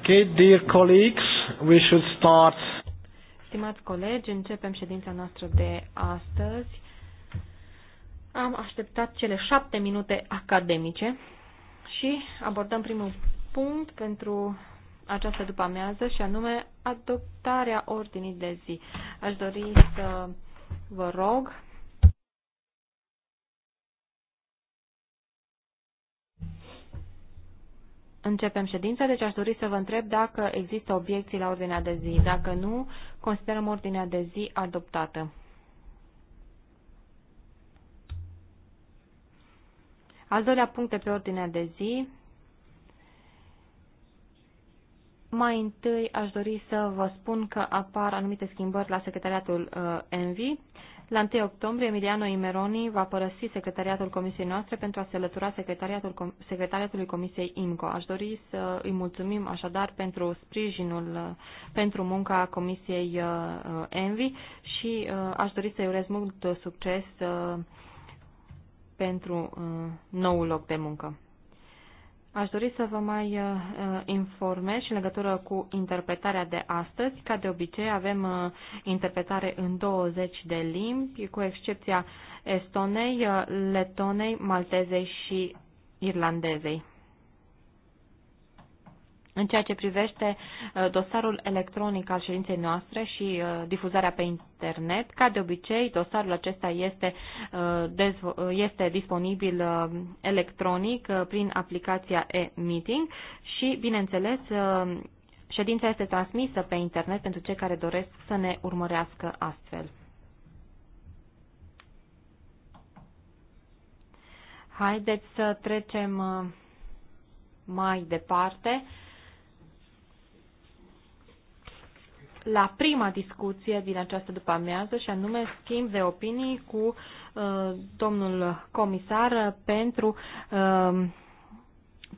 Okay, dear colleagues, we should start. Stimați colegi, începem ședința noastră de astăzi. Am așteptat cele șapte minute academice și abordăm primul punct pentru această după-amiază și anume adoptarea ordinii de zi. Aș dori să vă rog Începem ședința, deci aș dori să vă întreb dacă există obiecții la ordinea de zi. Dacă nu, considerăm ordinea de zi adoptată. Al doilea punct de pe ordinea de zi. Mai întâi aș dori să vă spun că apar anumite schimbări la secretariatul uh, Envi. La 1 octombrie, Emiliano Imeroni va părăsi secretariatul comisiei noastre pentru a se lătura secretariatul, Com secretariatului comisiei IMCO. Aș dori să îi mulțumim așadar pentru sprijinul pentru munca comisiei uh, uh, ENVI și uh, aș dori să-i urez mult succes pentru noul loc de muncă. Aș dori să vă mai uh, uh, informez și în legătură cu interpretarea de astăzi. Ca de obicei, avem uh, interpretare în 20 de limbi, cu excepția estonei, letonei, maltezei și irlandezei. În ceea ce privește uh, dosarul electronic al ședinței noastre și uh, difuzarea pe internet, ca de obicei, dosarul acesta este, uh, este disponibil electronic prin aplicația e-meeting și, bineînțeles, ședința este transmisă pe internet pentru cei care doresc să ne urmărească astfel. Haideți să trecem mai departe la prima discuție din această după-amiază și anume schimb de opinii cu uh, domnul comisar pentru uh,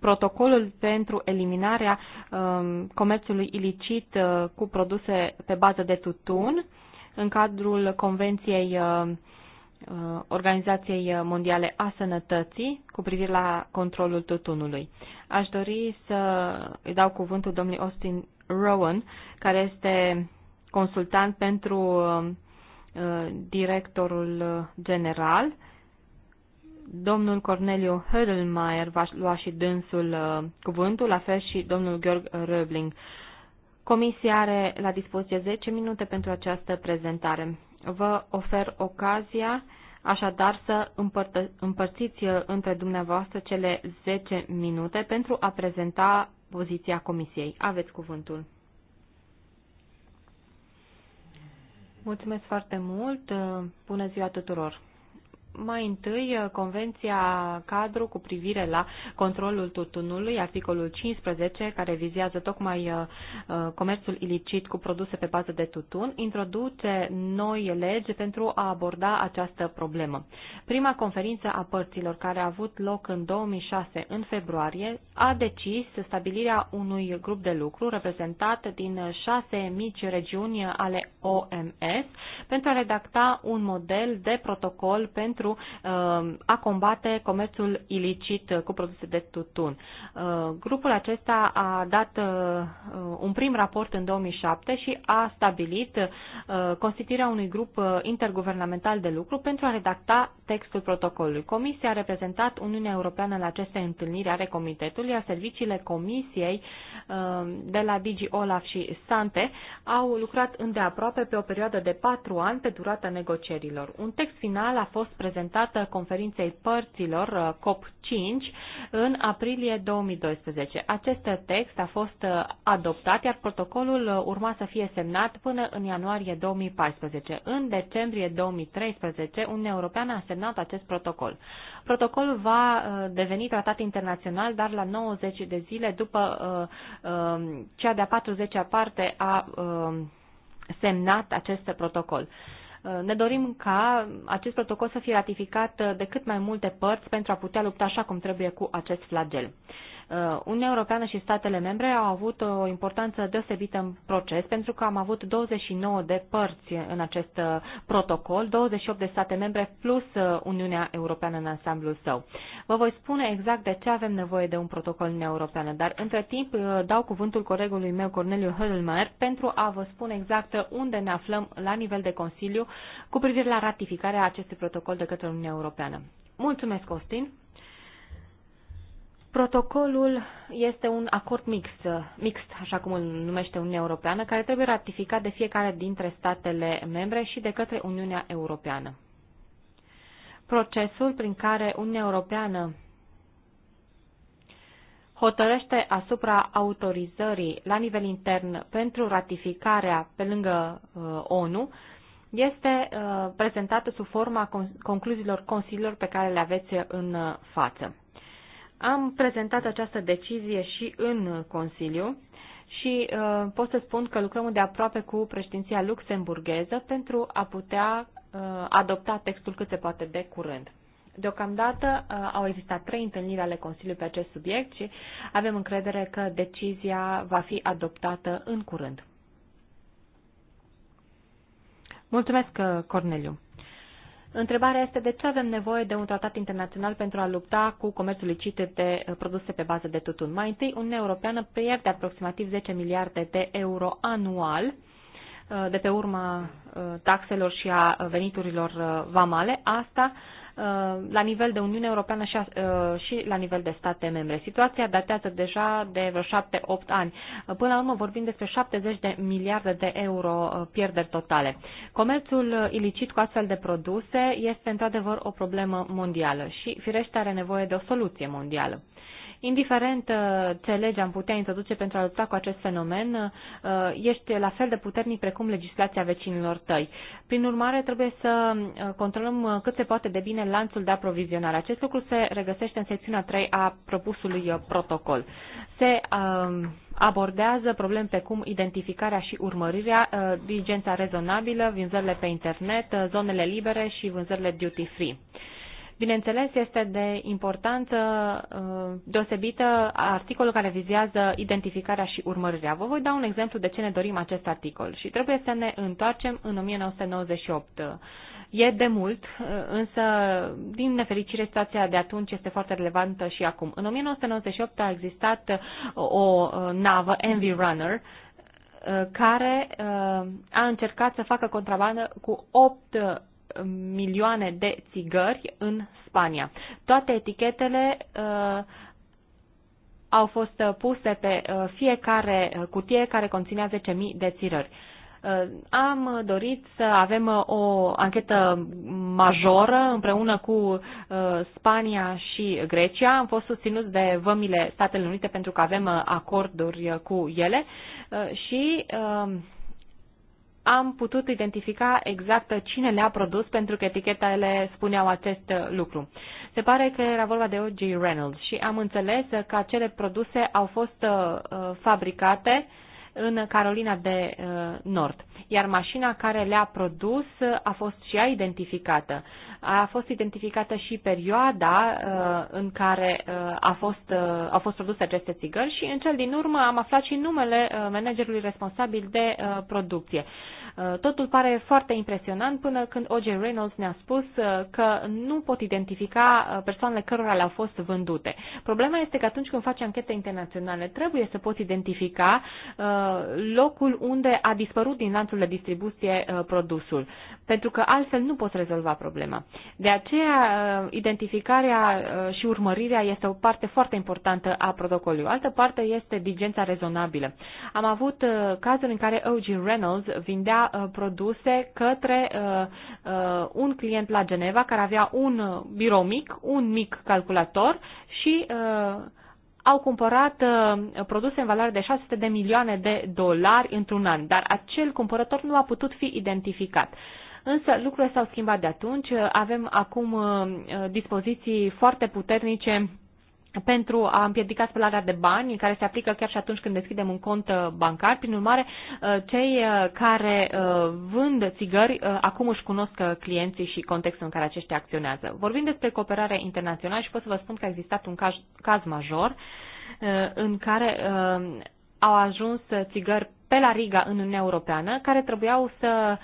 protocolul pentru eliminarea uh, comerțului ilicit uh, cu produse pe bază de tutun în cadrul Convenției uh, uh Organizației Mondiale a Sănătății cu privire la controlul tutunului. Aș dori să îi dau cuvântul domnului Austin Rowan, care este consultant pentru uh, directorul general. Domnul Corneliu Hödelmeier va lua și dânsul uh, cuvântul, la fel și domnul Georg Röbling. Comisia are la dispoziție 10 minute pentru această prezentare. Vă ofer ocazia Așadar, să împărtă, împărțiți uh, între dumneavoastră cele 10 minute pentru a prezenta poziția Comisiei. Aveți cuvântul. Mulțumesc foarte mult. Bună ziua tuturor. Mai întâi, uh, Convenția Cadru cu privire la controlul tutunului, articolul 15, care vizează tocmai uh, uh, comerțul ilicit cu produse pe bază de tutun, introduce noi legi pentru a aborda această problemă. Prima conferință a părților, care a avut loc în 2006, în februarie, a decis stabilirea unui grup de lucru reprezentat din șase mici regiuni ale OMS pentru a redacta un model de protocol pentru pentru uh, a combate comerțul ilicit cu produse de tutun. Uh, grupul acesta a dat uh, un prim raport în 2007 și a stabilit constituirea unui grup interguvernamental de lucru pentru a redacta textul protocolului. Comisia a reprezentat Uniunea Europeană la aceste întâlniri ale comitetului, iar serviciile comisiei de la Digi Olaf și Sante au lucrat îndeaproape pe o perioadă de patru ani pe durata negocierilor. Un text final a fost prezentat prezentată conferinței părților uh, COP5 în aprilie 2012. Acest text a fost uh, adoptat, iar protocolul uh, urma să fie semnat până în ianuarie 2014. În decembrie 2013, un european a semnat acest protocol. Protocolul va deveni tratat internațional, dar la 90 de zile după cea de-a 40-a parte a semnat acest protocol. Uh, ne dorim ca acest protocol să fie ratificat uh, de cât mai multe părți pentru a putea lupta așa cum trebuie cu acest flagel. Uh, Uniunea Europeană și statele membre au avut o importanță deosebită în proces pentru că am avut 29 de părți în acest uh, protocol, 28 de state membre plus uh, Uniunea Europeană în ansamblul său. Vă voi spune exact de ce avem nevoie de un protocol în Uniunea Europeană, dar între timp dau cuvântul colegului meu Corneliu Hölmer pentru a vă spune exact unde ne aflăm la nivel de Consiliu cu privire la ratificarea acestui protocol de către Uniunea Europeană. Mulțumesc, Costin! Protocolul este un acord mixt, mixt, așa cum îl numește Uniunea Europeană, care trebuie ratificat de fiecare dintre statele membre și de către Uniunea Europeană. Procesul prin care Uniunea Europeană hotărăște asupra autorizării la nivel intern pentru ratificarea pe lângă uh, ONU este uh, prezentată sub forma con concluziilor consiliilor pe care le aveți în uh, față. Am prezentat această decizie și în Consiliu și uh, pot să spun că lucrăm de aproape cu președinția luxemburgheză pentru a putea uh, adopta textul cât se poate de curând. Deocamdată uh, au existat trei întâlniri ale Consiliului pe acest subiect și avem încredere că decizia va fi adoptată în curând. Mulțumesc, uh, Corneliu. Întrebarea este de ce avem nevoie de un tratat internațional pentru a lupta cu comerțul licit de uh, produse pe bază de tutun. Mai întâi, Uniunea Europeană pierde aproximativ 10 miliarde de euro anual uh, de pe urma uh, taxelor și a veniturilor vamale, asta Uh, la nivel de Uniune Europeană și, uh, și la nivel de state membre. Situația datează deja de vreo 7-8 ani. Până la urmă vorbim despre 70 de miliarde de euro uh, pierderi totale. Comerțul ilicit cu astfel de produse este într-adevăr o problemă mondială și firește are nevoie de o soluție mondială indiferent uh, ce lege am putea introduce pentru a lupta cu acest fenomen, uh, ești la fel de puternic precum legislația vecinilor tăi. Prin urmare, trebuie să uh, controlăm cât se poate de bine lanțul de aprovizionare. Acest lucru se regăsește în secțiunea 3 a propusului protocol. Se um, abordează probleme precum identificarea și urmărirea, diligența rezonabilă, vânzările pe internet, zonele libere și vânzările duty-free. Bineînțeles, este de importanță uh, deosebită articolul care vizează identificarea și urmărirea. Vă voi da un exemplu de ce ne dorim acest articol și trebuie să ne întoarcem în 1998. E de mult, uh, însă, din nefericire, situația de atunci este foarte relevantă și acum. În 1998 a existat uh, o navă, Envy Runner, care a încercat să facă contrabandă cu 8 milioane de țigări în Spania. Toate etichetele uh, au fost puse pe uh, fiecare uh, cutie care conținea 10.000 de țigări. Uh, am dorit să avem o anchetă majoră împreună cu Spania și Grecia. Am fost susținut de vămile Statele Unite pentru că avem acorduri cu ele și am putut identifica exact cine le-a produs pentru că etichetele spuneau acest lucru. Se pare că era vorba de O.J. Reynolds și am înțeles că acele produse au fost uh, fabricate uh, în Carolina de uh, Nord, iar mașina care le-a produs uh, a fost și ea identificată. A fost identificată și perioada uh, în care a fost, au fost produse aceste țigări și în cel din urmă am aflat și numele managerului responsabil de producție. Uh, totul pare foarte impresionant până când O.J. Reynolds ne-a spus uh, că nu pot identifica uh, persoanele cărora le-au fost vândute. Problema este că atunci când faci anchete internaționale trebuie să poți identifica locul unde a dispărut din lanțul de distribuție produsul, pentru că altfel nu poți rezolva problema. De aceea, identificarea și urmărirea este o parte foarte importantă a protocolului. Altă parte este diligența rezonabilă. Am avut cazuri în care O.G. Reynolds vindea Uh, produse către uh, uh, un client la Geneva care avea un birou mic, un mic calculator și au cumpărat produse în valoare de 600 de milioane de dolari într-un an, dar acel cumpărător nu a putut fi identificat. Însă lucrurile s-au schimbat de atunci, avem acum dispoziții foarte puternice pentru a împiedica spălarea de bani, care se aplică chiar și atunci când deschidem un cont uh, bancar. Prin urmare, uh, cei uh, care vând țigări acum își cunosc clienții și contextul în care aceștia acționează. Vorbim despre cooperare internațională și pot să vă spun că a existat un caz, caz major în care au ajuns țigări pe la Riga în Uniunea Europeană, care trebuiau să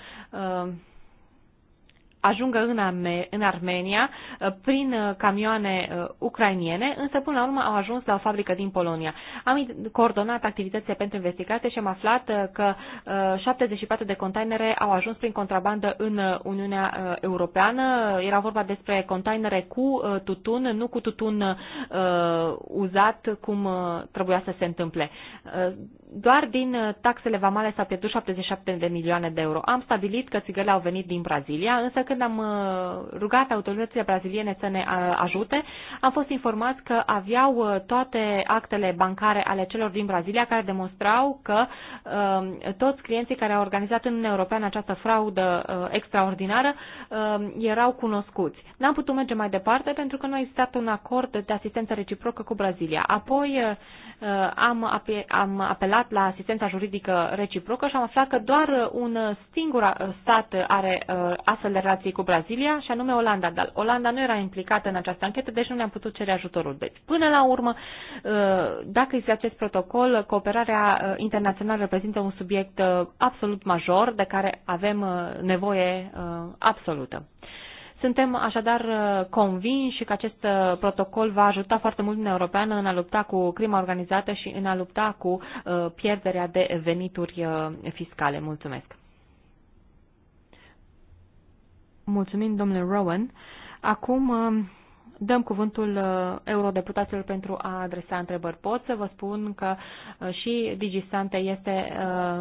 ajungă în, Arme- în Armenia uh, prin uh, camioane uh, ucrainiene, însă până la urmă au ajuns la o fabrică din Polonia. Am coordonat activitățile pentru investigație și am aflat că 74 de containere au ajuns prin contrabandă în Uniunea Europeană. Era vorba despre containere cu tutun, nu cu tutun uzat cum trebuia să se întâmple. Doar din taxele vamale s-au pierdut 77 de milioane de euro. Am stabilit că țigările au venit din Brazilia, însă când când am uh, rugat autoritățile braziliene să ne uh, ajute, am fost informați că aveau uh, toate actele bancare ale celor din Brazilia care demonstrau că um, toți clienții care au organizat în Uniunea Europeană această fraudă extraordinară um, erau cunoscuți. N-am putut merge mai departe pentru că nu a existat un acord de asistență reciprocă cu Brazilia. Apoi am, am apelat la asistența juridică reciprocă și am aflat că doar un singur stat are astfel de relații relații cu Brazilia, și anume Olanda. Dar Olanda nu era implicată în această anchetă, deci nu ne-am putut cere ajutorul. Deci, până la urmă, uh, dacă este acest protocol, cooperarea uh, internațională reprezintă un subiect uh, absolut major de care avem nevoie absolută. Suntem așadar convinși că acest protocol va ajuta foarte mult Uniunea Europeană în a lupta cu crima organizată și în a lupta cu pierderea de venituri fiscale. Mulțumesc! Mulțumim, domnule Rowan. Acum uh, dăm cuvântul uh, eurodeputaților pentru a adresa întrebări. Pot să vă spun că uh, și Digisante este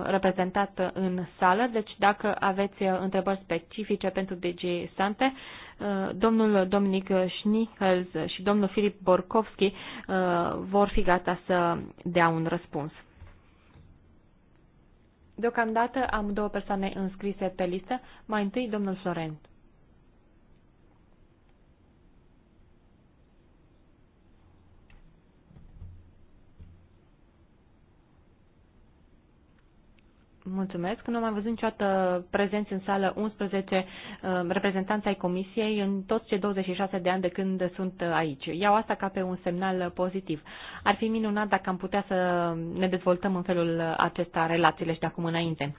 reprezentat în sală, deci dacă aveți întrebări specifice pentru Digisante, domnul Dominic Schnichels și domnul Filip Borkovski vor fi gata să dea un răspuns. Deocamdată am două persoane înscrise pe listă. Mai întâi, domnul Sorent. Mulțumesc. Nu am mai văzut niciodată prezenți în sală 11 uh, reprezentanți ai Comisiei în toți cei 26 de ani de când sunt aici. Iau asta ca pe un semnal pozitiv. Ar fi minunat dacă am putea să ne dezvoltăm în felul acesta relațiile și de acum înainte.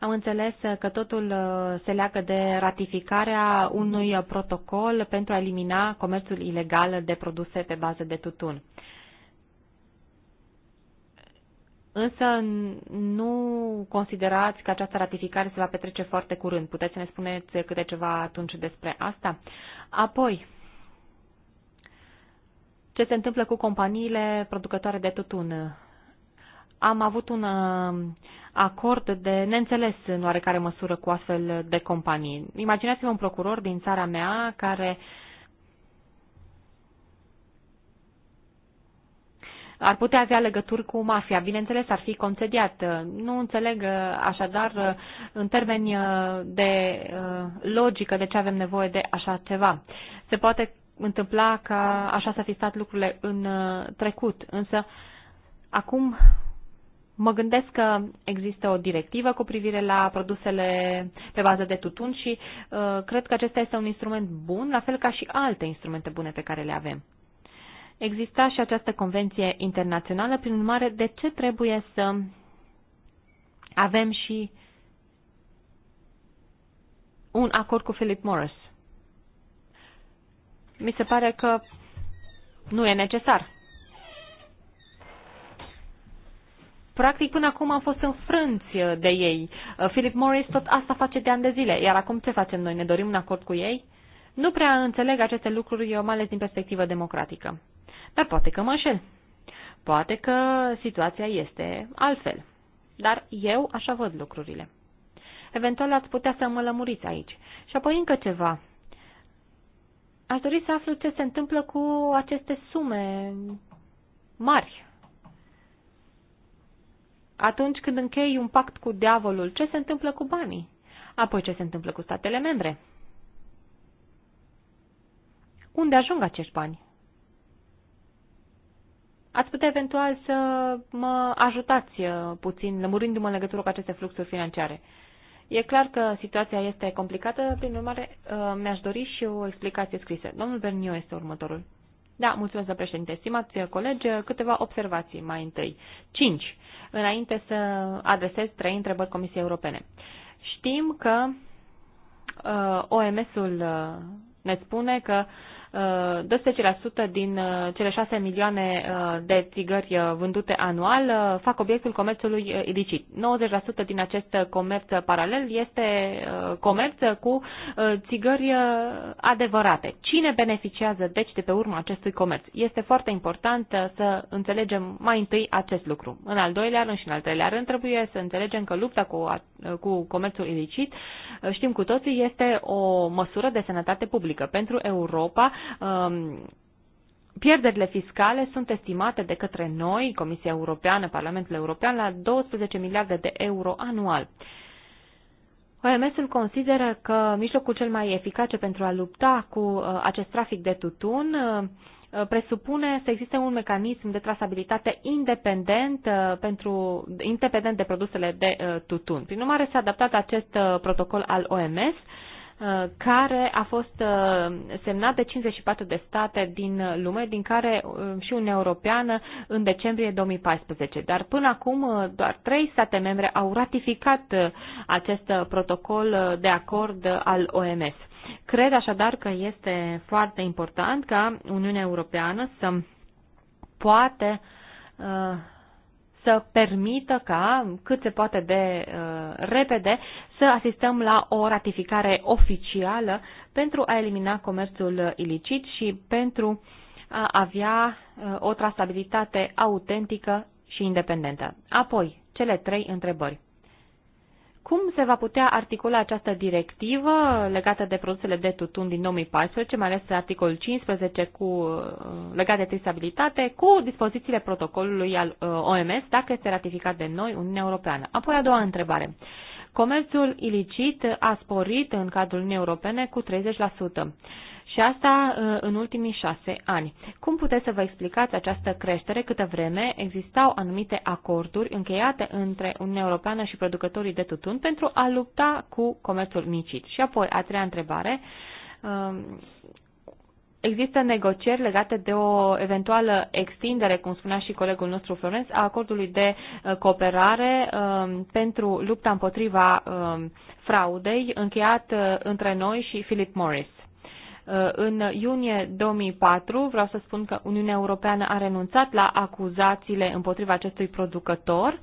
Am înțeles că totul uh, se leagă de ratificarea unui protocol pentru a elimina comerțul ilegal de produse pe bază de tutun. Însă nu considerați că această ratificare se va petrece foarte curând. Puteți să ne spuneți câte ceva atunci despre asta? Apoi, ce se întâmplă cu companiile producătoare de tutun? Am avut un um, acord de neînțeles în oarecare măsură cu astfel de companii. Imaginați-vă un procuror din țara mea care uh, ar putea avea legături cu mafia. Bineînțeles, ar fi concediat. Nu înțeleg uh, așadar uh, în termeni uh, de logică de ce avem nevoie de așa ceva. Se poate întâmpla ca așa să fi stat lucrurile în trecut, însă acum mă gândesc că există o directivă cu privire la produsele pe bază de tutun și uh, cred că acesta este un instrument bun, la fel ca și alte instrumente bune pe care le avem. Exista și această convenție internațională, prin urmare, de ce trebuie să avem și un acord cu Philip Morris? Mi se pare că nu e necesar. Practic, până acum am fost înfrânți de ei. Philip Morris tot asta face de ani de zile. Iar acum ce facem noi? Ne dorim un acord cu ei? Nu prea înțeleg aceste lucruri, mai ales din perspectivă democratică. Dar poate că mă înșel. Poate că situația este altfel. Dar eu așa văd lucrurile. Eventual ați putea să mă lămuriți aici. Și apoi încă ceva. Aș dori să aflu ce se întâmplă cu aceste sume mari. Atunci când închei un pact cu diavolul, ce se întâmplă cu banii? Apoi ce se întâmplă cu statele membre? Unde ajung acești bani? Ați putea eventual să mă ajutați uh, puțin, lămurindu-mă în legătură cu aceste fluxuri financiare. E clar că situația este complicată, prin urmare uh, mi-aș dori și o explicație scrisă. Domnul Berniu este următorul. Da, mulțumesc, domnule președinte. Stimați uh, colegi, câteva observații mai întâi. 5. Înainte să adresez trei întrebări Comisiei Europene. Știm că uh, OMS-ul uh, ne spune că uh, 12% din uh, cele 6 milioane uh, de țigări uh, vândute anual fac obiectul comerțului ilicit. 90% din acest comerț paralel este comerț cu țigări adevărate. Cine beneficiază deci de pe urma acestui comerț? Este foarte important să înțelegem mai întâi acest lucru. În al doilea rând și în al treilea rând trebuie să înțelegem că lupta cu, cu comerțul ilicit, știm cu toții, este o măsură de sănătate publică. Pentru Europa, Um, pierderile fiscale sunt estimate de către noi, Comisia Europeană, Parlamentul European, la 12 miliarde de euro anual. OMS-ul consideră că mijlocul cel mai eficace pentru a lupta cu uh, acest trafic de tutun uh, presupune să existe un mecanism de trasabilitate independent, uh, pentru, independent de produsele de tutun. Prin urmare, s-a adaptat acest protocol al OMS Uh, care a fost uh, semnat de 54 de state din lume, din care uh, și Uniunea Europeană în decembrie 2014. Dar până acum doar trei state membre au ratificat acest protocol de acord al OMS. Cred așadar că este foarte important ca Uniunea Europeană să poate uh, să permită ca, cât se poate de uh, repede, să asistăm la o ratificare oficială pentru a elimina comerțul ilicit și pentru a avea uh, o trasabilitate autentică și independentă. Apoi, cele trei întrebări. Cum se va putea articula această directivă legată de produsele de tutun din 2014, mai ales articolul 15 cu, uh, legat de trisabilitate, cu dispozițiile protocolului al uh, OMS, dacă este ratificat de noi, Uniunea Europeană? Apoi a doua întrebare. Comerțul ilicit a sporit în cadrul Uniunii Europene cu 30%. Și asta uh, în ultimii șase ani. Cum puteți să vă explicați această creștere câtă vreme existau anumite acorduri încheiate între Uniunea Europeană și producătorii de tutun pentru a lupta cu comerțul micit? Și apoi, a treia întrebare um, există negocieri legate de o eventuală extindere, cum spunea și colegul nostru Florenț, a acordului de uh, cooperare um, pentru lupta împotriva um, fraudei încheiat uh, între noi și Philip Morris. Uh, în iunie 2004, vreau să spun că Uniunea Europeană a renunțat la acuzațiile împotriva acestui producător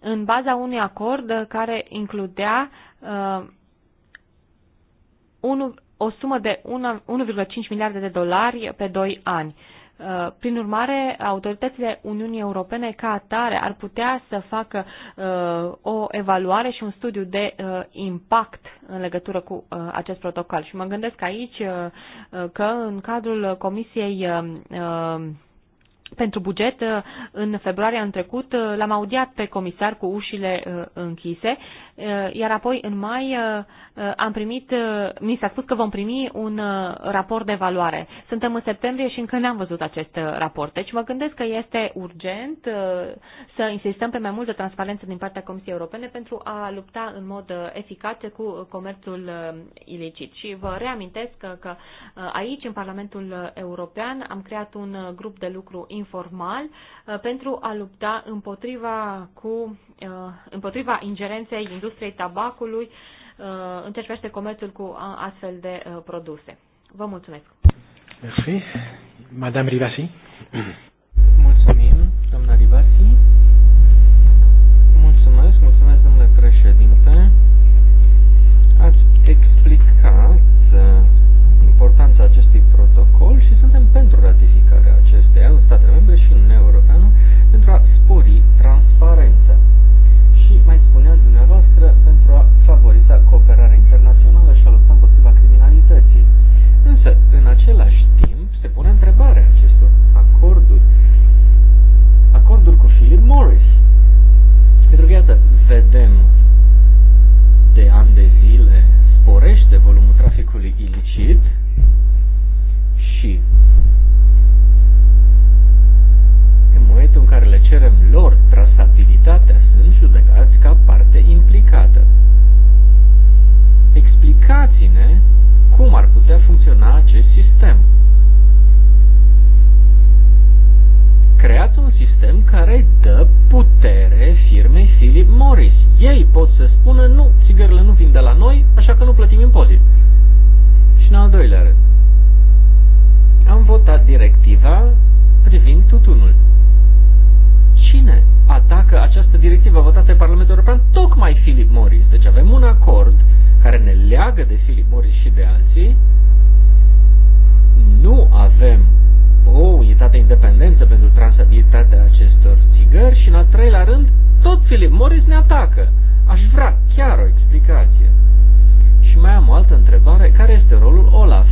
în baza unui acord care includea uh, o sumă de 1,5 miliarde de dolari pe 2 ani. Uh, prin urmare, autoritățile Uniunii Europene ca atare ar putea să facă uh, o evaluare și un studiu de uh, impact în legătură cu acest protocol. Și mă gândesc aici că în cadrul Comisiei pentru buget uh, în februarie anul trecut uh, l-am audiat pe comisar cu ușile uh, închise, iar apoi în mai am primit, mi s-a spus că vom primi un raport de evaluare. Suntem în septembrie și încă n-am văzut acest raport. Deci mă gândesc că este urgent să insistăm pe mai multă transparență din partea Comisiei Europene pentru a lupta în mod eficace cu comerțul ilicit. Și vă reamintesc că aici, în Parlamentul European, am creat un grup de lucru informal uh, pentru a lupta împotriva, cu, uh, împotriva ingerenței industriei tabacului uh, în ceea ce privește comerțul cu astfel de produse. Vă mulțumesc! Merci. Madame Rivasi. Mulțumim, doamna Rivasi. Mulțumesc, mulțumesc, domnule președinte. Ați explicat importanța acestui protocol și suntem pentru ratificarea în statele membre și în Uniunea Europeană pentru a spori transparența. Și mai spuneați dumneavoastră pentru a favoriza cooperarea internațională și a lupta împotriva criminalității. Însă, în același timp, se pune întrebarea acestor acorduri. Acorduri cu Philip Morris. Pentru că, iată, vedem de ani de zile sporește volumul traficului ilicit și momentul în care le cerem lor trasabilitatea, sunt judecați ca parte implicată. Explicați-ne cum ar putea funcționa acest sistem. creați un sistem care dă putere firmei Philip Morris. Ei pot să spună, nu, țigările nu vin de la noi, așa că nu plătim impozit. Și în al doilea rând, am votat directiva privind tutunul cine atacă această directivă votată de Parlamentul European? Tocmai Philip Morris. Deci avem un acord care ne leagă de Philip Morris și de alții. Nu avem o unitate independentă pentru transabilitatea acestor țigări și, în al treilea rând, tot Philip Morris ne atacă. Aș vrea chiar o explicație. Și mai am o altă întrebare. Care este rolul Olaf?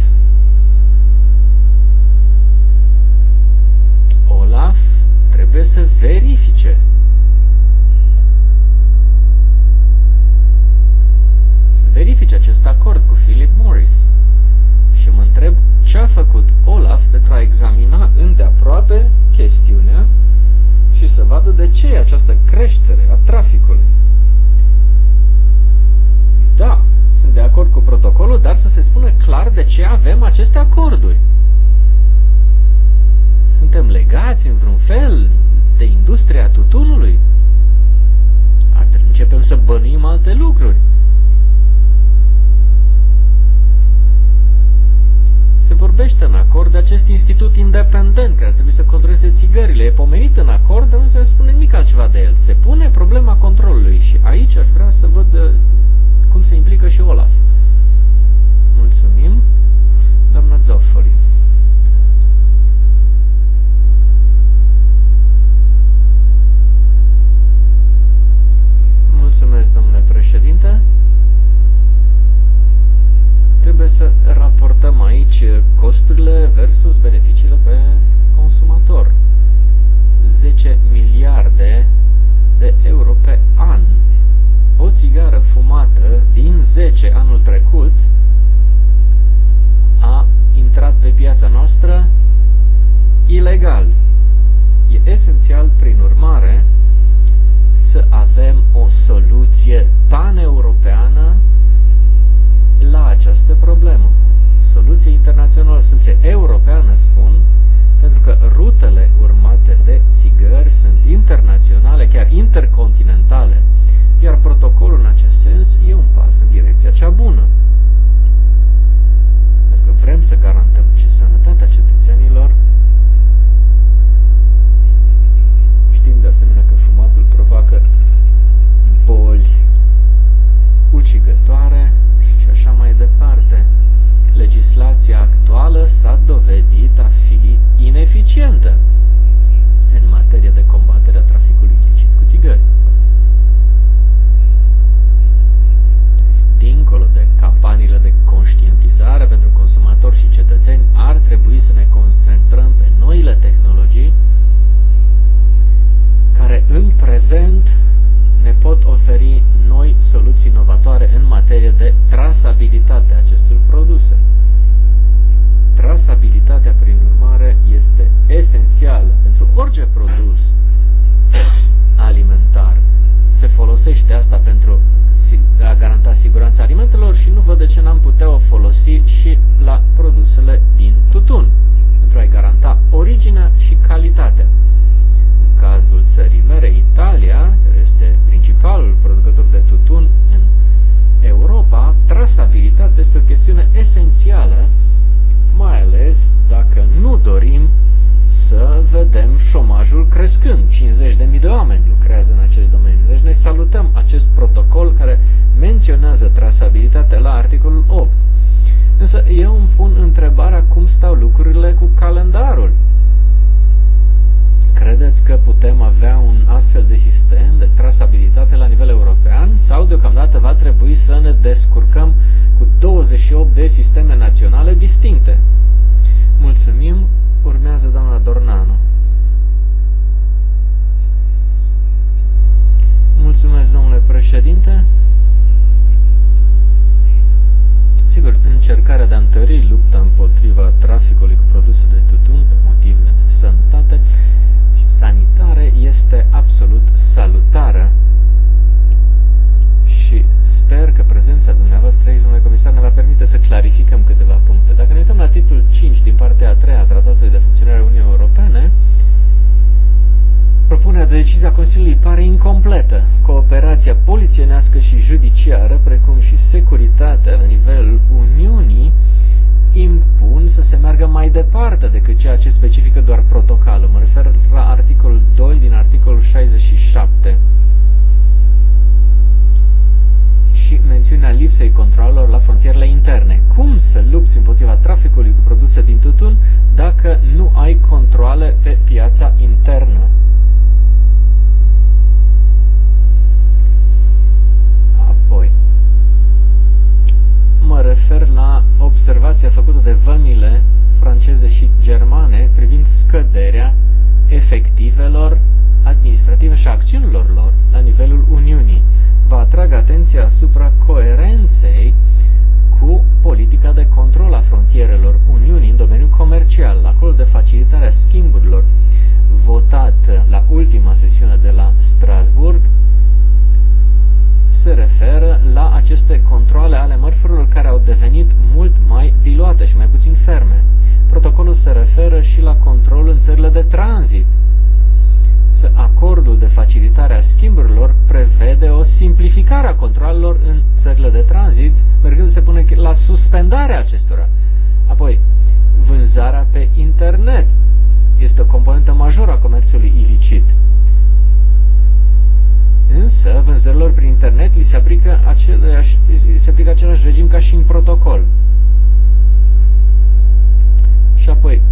Olaf trebuie să verifice. Verifice acest acord cu Philip Morris și mă întreb ce a făcut Olaf pentru a examina îndeaproape chestiunea și să vadă de ce e această creștere a traficului. Da, sunt de acord cu protocolul, dar să se spună clar de ce avem aceste acorduri. Suntem legați în vreun fel de industria tutunului? Ar începem să bănuim alte lucruri. Se vorbește în acord de acest institut independent care trebuie să controleze țigările. E pomenit în acord, dar nu se spune nimic altceva de el. Se pune problema controlului și aici aș vrea să văd uh, cum se implică și Olaf. Mulțumim, doamna Zoffoli. Mulțumesc, domnule președinte. Trebuie să raportăm aici costurile versus beneficiile pe consumator. 10 miliarde de euro pe an soluție paneuropeană la această problemă. Soluție internațională, soluție europeană, spun, pentru că rutele urmate de țigări sunt internaționale, chiar intercontinentale, iar protocolul în acest sens e un pas în direcția cea bună. decât ceea ce specifică doar protocolul. Mă refer devenit mult mai diluate și mai puțin ferme. Protocolul se referă și la control în țările de tranzit. Acordul de facilitare a schimburilor prevede o simplificare a controlelor în țările de tranzit, mergându-se până la suspendarea acestora. Apoi, vânzarea pe internet este o componentă majoră a comerțului ilicit. Însă, vânzărilor prin internet li se aplică, aceleași li se aplică același regim ca și în protocol. Și apoi,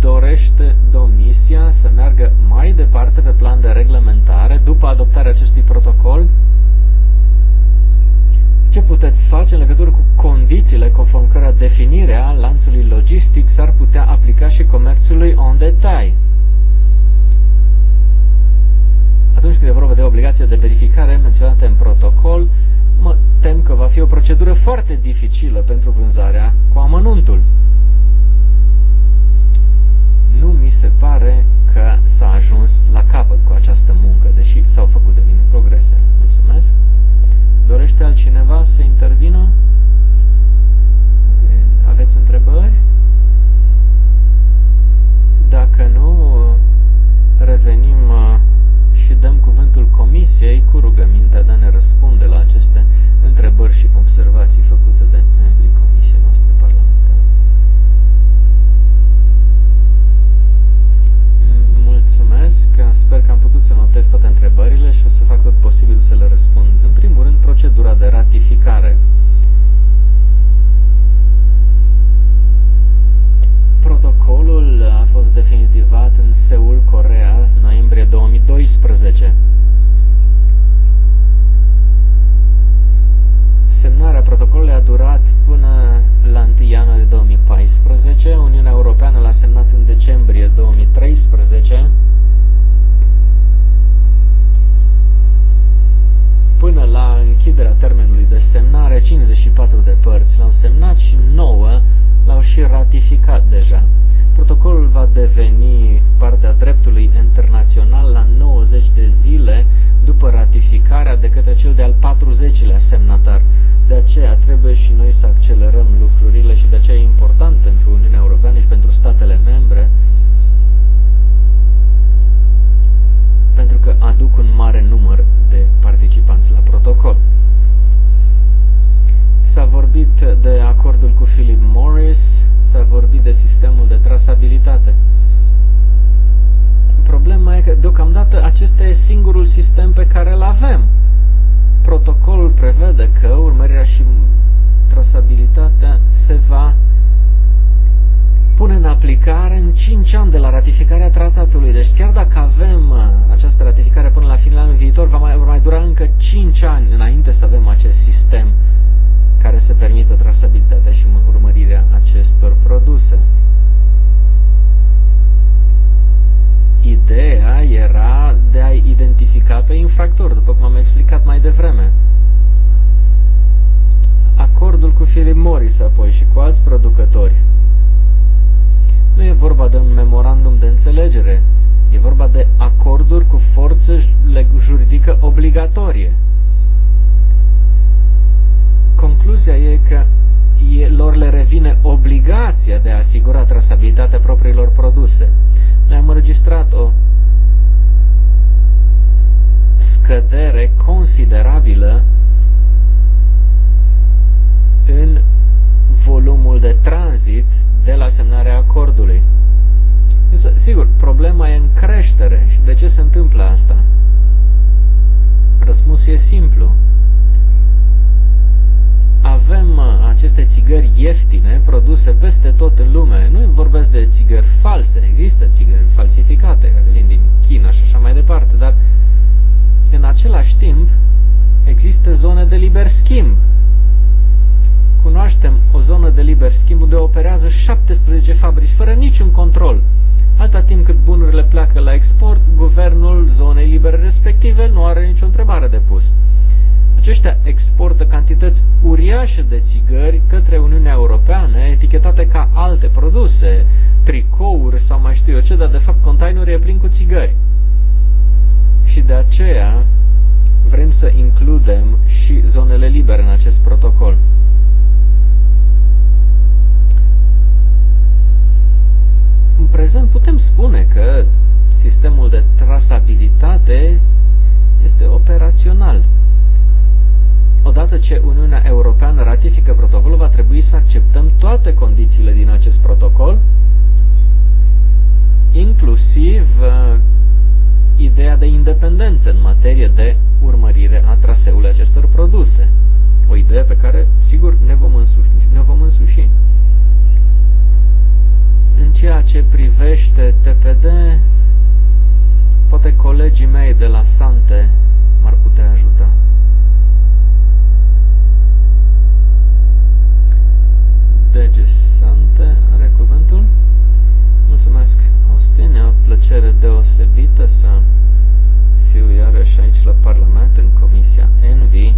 dorește Domisia să meargă mai departe pe plan de reglementare după adoptarea acestui protocol? Ce puteți face în legătură cu condițiile conform cărora definirea lanțului logistic s-ar putea aplica și comerțului on detail? Atunci când e vorba de obligația de verificare menționată în protocol, mă tem că va fi o procedură foarte dificilă pentru vânzarea cu amănuntul. Nu mi se pare că s-a ajuns la capăt cu această muncă, deși s-au făcut de mine progrese. Mulțumesc. Dorește altcineva să intervină? Aveți întrebări? Dacă nu, revenim uh, și dăm cuvântul comisiei cu rugămintea de a ne răspunde la aceste întrebări și observații făcute de membrii comisiei noastre parlamentare. Mulțumesc, sper că am putut să notez toate întrebările și o să fac tot posibil să le răspund. În primul rând, procedura de ratificare. Protocolul a fost definitivat în Seul, Corea, noiembrie 2012. Semnarea protocolului a durat până la 1 ianuarie 2014. Uniunea Europeană l-a semnat în decembrie 2013. Până la închiderea termenului de semnare, 54 de părți l-au semnat și 9 l-au și ratificat deja. Protocolul va deveni partea dreptului internațional la 90 de zile după ratificarea de către cel de-al 40-lea semnatar. De aceea trebuie și noi să accelerăm lucrurile și de aceea e important pentru Uniunea Europeană și pentru statele membre pentru că aduc un mare număr de participanți la protocol. S-a vorbit de acordul cu Philip Morris, s-a vorbit de sistemul de trasabilitate. Problema e că deocamdată acesta e singurul sistem pe care îl avem. Protocolul prevede că urmărirea și trasabilitatea se va pune în aplicare în 5 ani de la ratificarea tratatului. Deci chiar dacă avem uh, această ratificare până la finalul anului viitor, va mai, va mai dura încă 5 ani înainte să avem acest sistem de țigări false, există țigări falsificate care vin din China și așa mai departe, dar în același timp există zone de liber schimb. Cunoaștem o zonă de liber schimb unde operează 17 fabrici fără niciun control. Atâta timp cât bunurile pleacă la export, guvernul zonei libere respective nu are nicio întrebare de pus. Aceștia exportă cantități uriașe de țigări către Uniunea Europeană, etichetate ca alte produse, tricouri sau mai știu eu ce, dar de fapt containerul e plin cu țigări. Și de aceea vrem să includem și zonele libere în acest protocol. În prezent putem spune că sistemul de trasabilitate este operațional Odată ce Uniunea Europeană ratifică protocolul, va trebui să acceptăm toate condițiile din acest protocol, inclusiv uh, ideea de independență în materie de urmărire a traseului acestor produse. O idee pe care, sigur, ne vom însuși. Ne vom însuși. În ceea ce privește TPD, poate colegii mei de la Sante m-ar putea ajuta. Dege Sante are cuvântul. Mulțumesc, Austin, e o plăcere deosebită să fiu iarăși aici la Parlament, în Comisia Envi,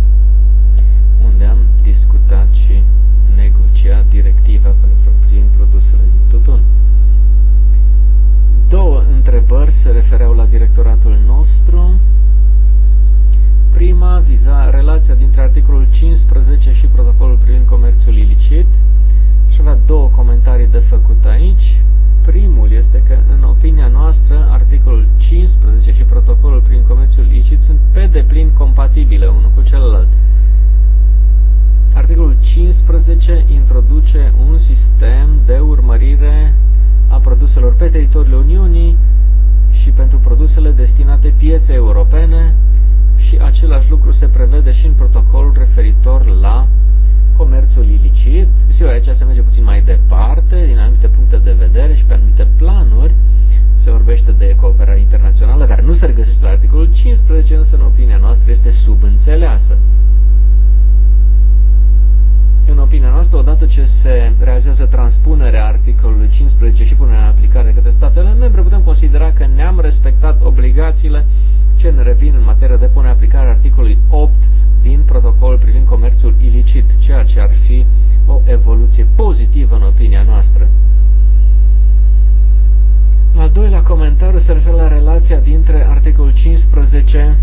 unde am discutat și negociat directiva pentru prin produsele din tutun. Două întrebări se refereau la directoratul nostru. Prima viza relația dintre articolul 15 și protocolul privind comerțul ilicit. Aș avea două comentarii de făcut aici. Primul este că, în opinia noastră, articolul 15 și protocolul prin comerțul licit sunt pe deplin compatibile unul cu celălalt. Articolul 15 introduce un sistem de urmărire a produselor pe teritoriul Uniunii și pentru produsele destinate pieței europene și același lucru se prevede și în protocolul referitor la comerțul ilicit. Sigur, aici se merge puțin mai departe, din anumite puncte de vedere și pe anumite planuri. Se vorbește de cooperare internațională, care nu se regăsește la articolul 15, însă, în opinia noastră, este subînțeleasă. În opinia noastră, odată ce se realizează transpunerea articolului 15 și punerea în aplicare către statele membre, putem considera că ne-am respectat obligațiile ce ne revin în materie de punere aplicare articolului 8 sfârșit, ceea ce ar fi o evoluție pozitivă în opinia noastră. Al doilea comentariu se referă la relația dintre articolul 15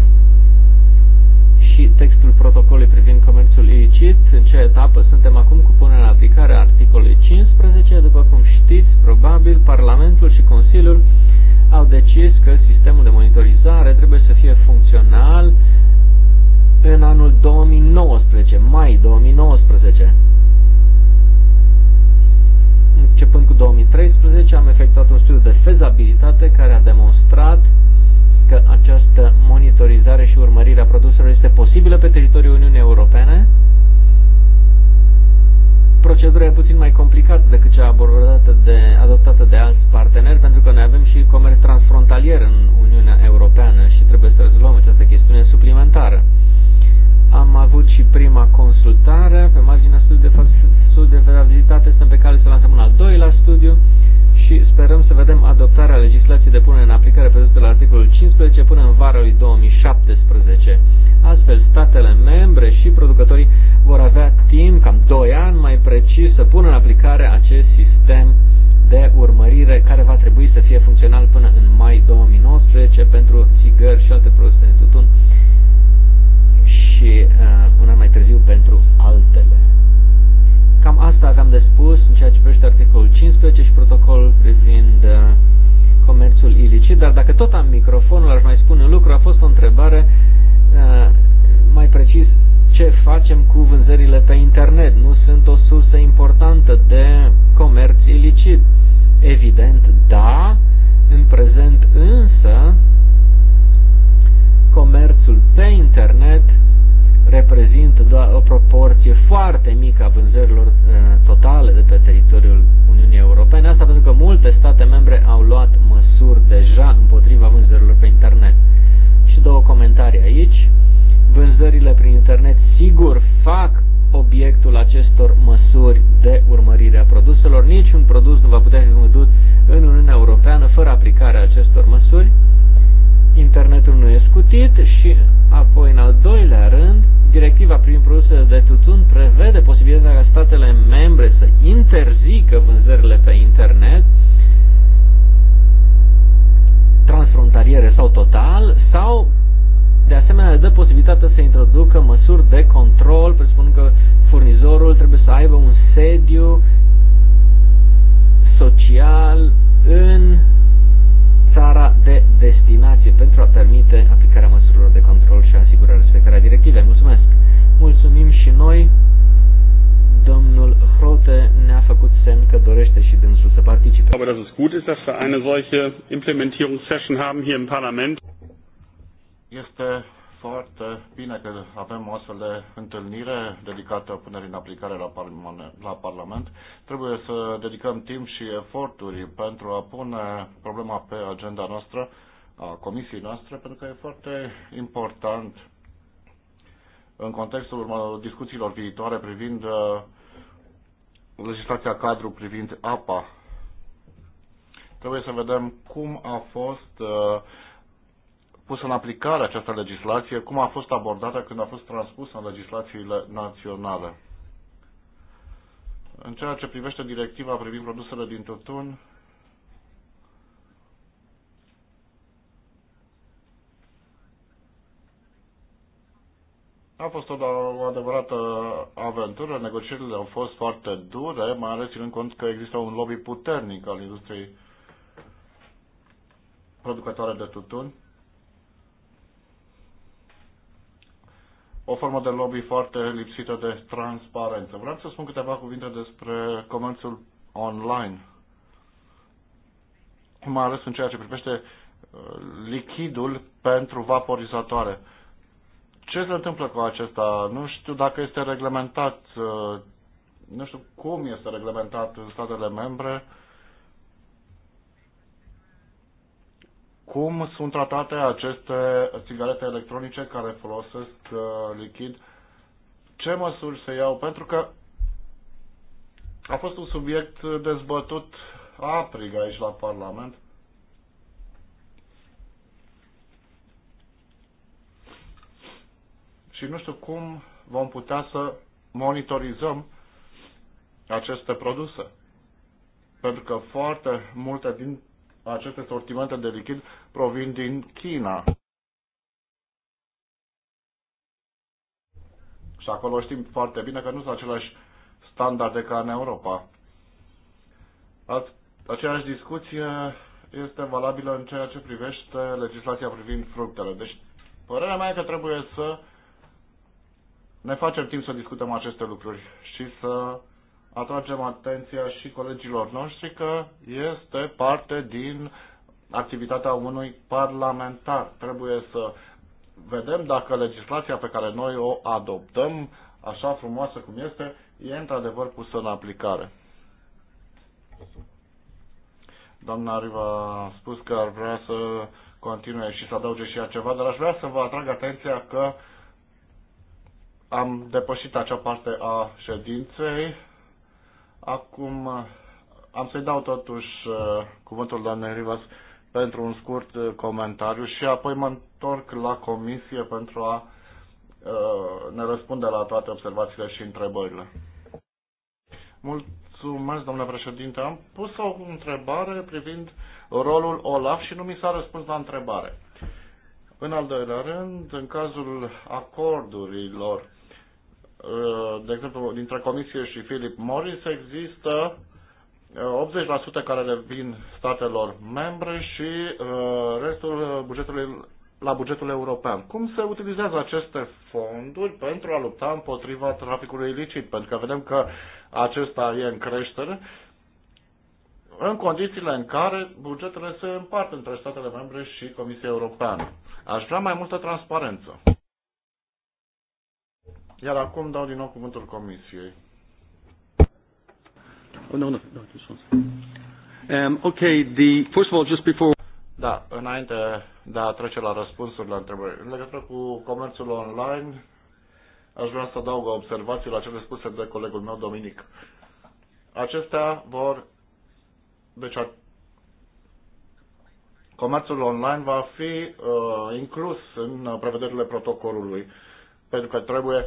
și textul protocolului privind comerțul ilicit, în ce etapă suntem acum cu punerea în aplicare a articolului 15. După cum știți, probabil Parlamentul și Consiliul au decis că sistemul de monitorizare trebuie să fie funcțional în anul 2019, mai 2019. Începând cu 2013, am efectuat un studiu de fezabilitate care a demonstrat că această monitorizare și urmărire a produselor este posibilă pe teritoriul Uniunii Europene. Procedura e puțin mai complicată decât cea abordată de, adoptată de alți parteneri, pentru că noi avem și comerț transfrontalier în Uniunea Europeană și trebuie să rezolvăm această chestiune suplimentară. Am avut și prima consultare pe marginea studiului de, studiul de fezabilitate. Suntem pe care să lansăm un al doilea studiu și sperăm să vedem adoptarea legislației de punere în aplicare prevăzută la articolul 15 până în vara lui 2017. Astfel, statele membre și producătorii vor avea timp, cam 2 ani mai precis, să pună în aplicare acest sistem de urmărire care va trebui să fie funcțional până în mai 2019 pentru țigări și alte produse de tutun și uh, un an mai târziu pentru altele. Cam asta aveam de spus în ceea ce privește articolul 15 și protocol privind uh, comerțul ilicit, dar dacă tot am microfonul, aș mai spune un lucru, a fost o întrebare uh, mai precis ce facem cu vânzările pe internet. Nu sunt o sursă importantă de comerț ilicit. Evident, da, în prezent însă comerțul pe internet reprezintă doar o proporție foarte mică a vânzărilor uh, totale de pe teritoriul Uniunii Europene, asta pentru că multe state membre au luat măsuri deja împotriva vânzărilor pe internet. Și două comentarii aici. Vânzările prin internet sigur fac obiectul acestor măsuri de urmărire a produselor. Niciun produs nu va putea fi vândut în Uniunea Europeană fără aplicarea acestor măsuri internetul nu e scutit și apoi în al doilea rând, directiva privind produsele de tutun prevede posibilitatea ca statele membre să interzică vânzările pe internet transfrontaliere sau total sau de asemenea dă posibilitatea să introducă măsuri de control, presupun că furnizorul trebuie să aibă un sediu social în țara de destinație pentru a permite aplicarea măsurilor de control și a asigura respectarea directivei. Mulțumesc! Mulțumim și noi! Domnul Hrote ne-a făcut semn că dorește și dânsul să participe. Aber das ist gut ist, dass wir eine solche Implementierungssession haben hier im Parlament. Este foarte bine că avem o astfel de întâlnire dedicată punerii în aplicare la, par- la Parlament. Trebuie să dedicăm timp și eforturi pentru a pune problema pe agenda noastră, a comisiei noastre, pentru că e foarte important în contextul discuțiilor viitoare privind uh, legislația cadru privind apa. Trebuie să vedem cum a fost uh, pusă în aplicare această legislație, cum a fost abordată când a fost transpusă în legislațiile naționale. În ceea ce privește directiva privind produsele din tutun, A fost o, da, o adevărată aventură, negocierile au fost foarte dure, mai ales ținând cont că există un lobby puternic al industriei producătoare de tutun. o formă de lobby foarte lipsită de transparență. Vreau să spun câteva cuvinte despre comerțul online, mai ales în ceea ce privește uh, lichidul pentru vaporizatoare. Ce se întâmplă cu acesta? Nu știu dacă este reglementat, uh, nu știu cum este reglementat în statele membre cum sunt tratate aceste țigarete electronice care folosesc uh, lichid, ce măsuri se iau, pentru că a fost un subiect dezbătut aprig aici la Parlament. Și nu știu cum vom putea să monitorizăm aceste produse. Pentru că foarte multe din aceste sortimente de lichid provin din China. Și acolo știm foarte bine că nu sunt aceleași standarde ca în Europa. Aceeași discuție este valabilă în ceea ce privește legislația privind fructele. Deci, părerea mea e că trebuie să ne facem timp să discutăm aceste lucruri și să atragem atenția și colegilor noștri că este parte din activitatea unui parlamentar. Trebuie să vedem dacă legislația pe care noi o adoptăm, așa frumoasă cum este, e într-adevăr pusă în aplicare. Doamna Riva a spus că ar vrea să continue și să adauge și ea ceva, dar aș vrea să vă atrag atenția că am depășit acea parte a ședinței. Acum uh, am să-i dau totuși uh, cuvântul doamnei Rivas pentru un scurt uh, comentariu și apoi mă întorc la comisie pentru a ne răspunde la toate observațiile și întrebările. Mulțumesc, domnule președinte. Am pus o întrebare privind rolul OLAF și nu mi s-a răspuns la întrebare. În al doilea rând, în cazul acordurilor Uh, de exemplu, dintre Comisie și Philip Morris există 80% uh, care le vin statelor membre și uh, restul bugetului la bugetul european. Cum se utilizează aceste fonduri pentru a lupta împotriva traficului ilicit? Pentru că vedem că acesta e în creștere în condițiile în care bugetele se împart între statele membre și Comisia Europeană. Aș vrea mai multă transparență. Iar acum dau din nou cuvântul Comisiei. Oh, no, no, no, this one. Um, okay, the, first of all, just before... Da, înainte de a trece la răspunsuri la întrebări, în legătură cu comerțul online, aș vrea să adaug o observație la cele spuse de colegul meu, Dominic. Acestea vor... Deci, a... comerțul online va fi uh, inclus în uh, prevederile protocolului, pentru că trebuie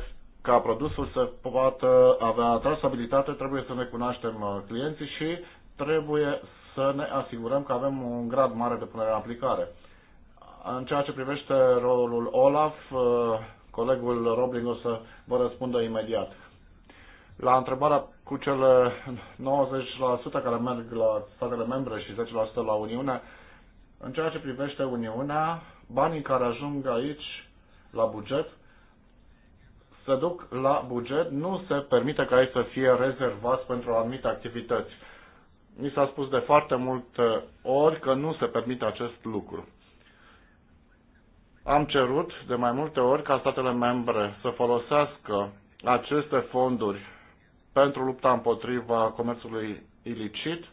ca produsul să poată avea trasabilitate, trebuie să ne cunoaștem uh, clienții și trebuie să ne asigurăm că avem un grad mare de punere în aplicare. În ceea ce privește rolul OLAF, uh, colegul Robling o să vă răspundă imediat. La întrebarea cu cele 90% care merg la statele membre și 10% la Uniune, în ceea ce privește Uniunea, banii care ajung aici la buget se duc la buget, nu se permite ca ei să fie rezervați pentru anumite activități. Mi s-a spus de foarte multe ori că nu se permite acest lucru. Am cerut de mai multe ori ca statele membre să folosească aceste fonduri pentru lupta împotriva comerțului ilicit.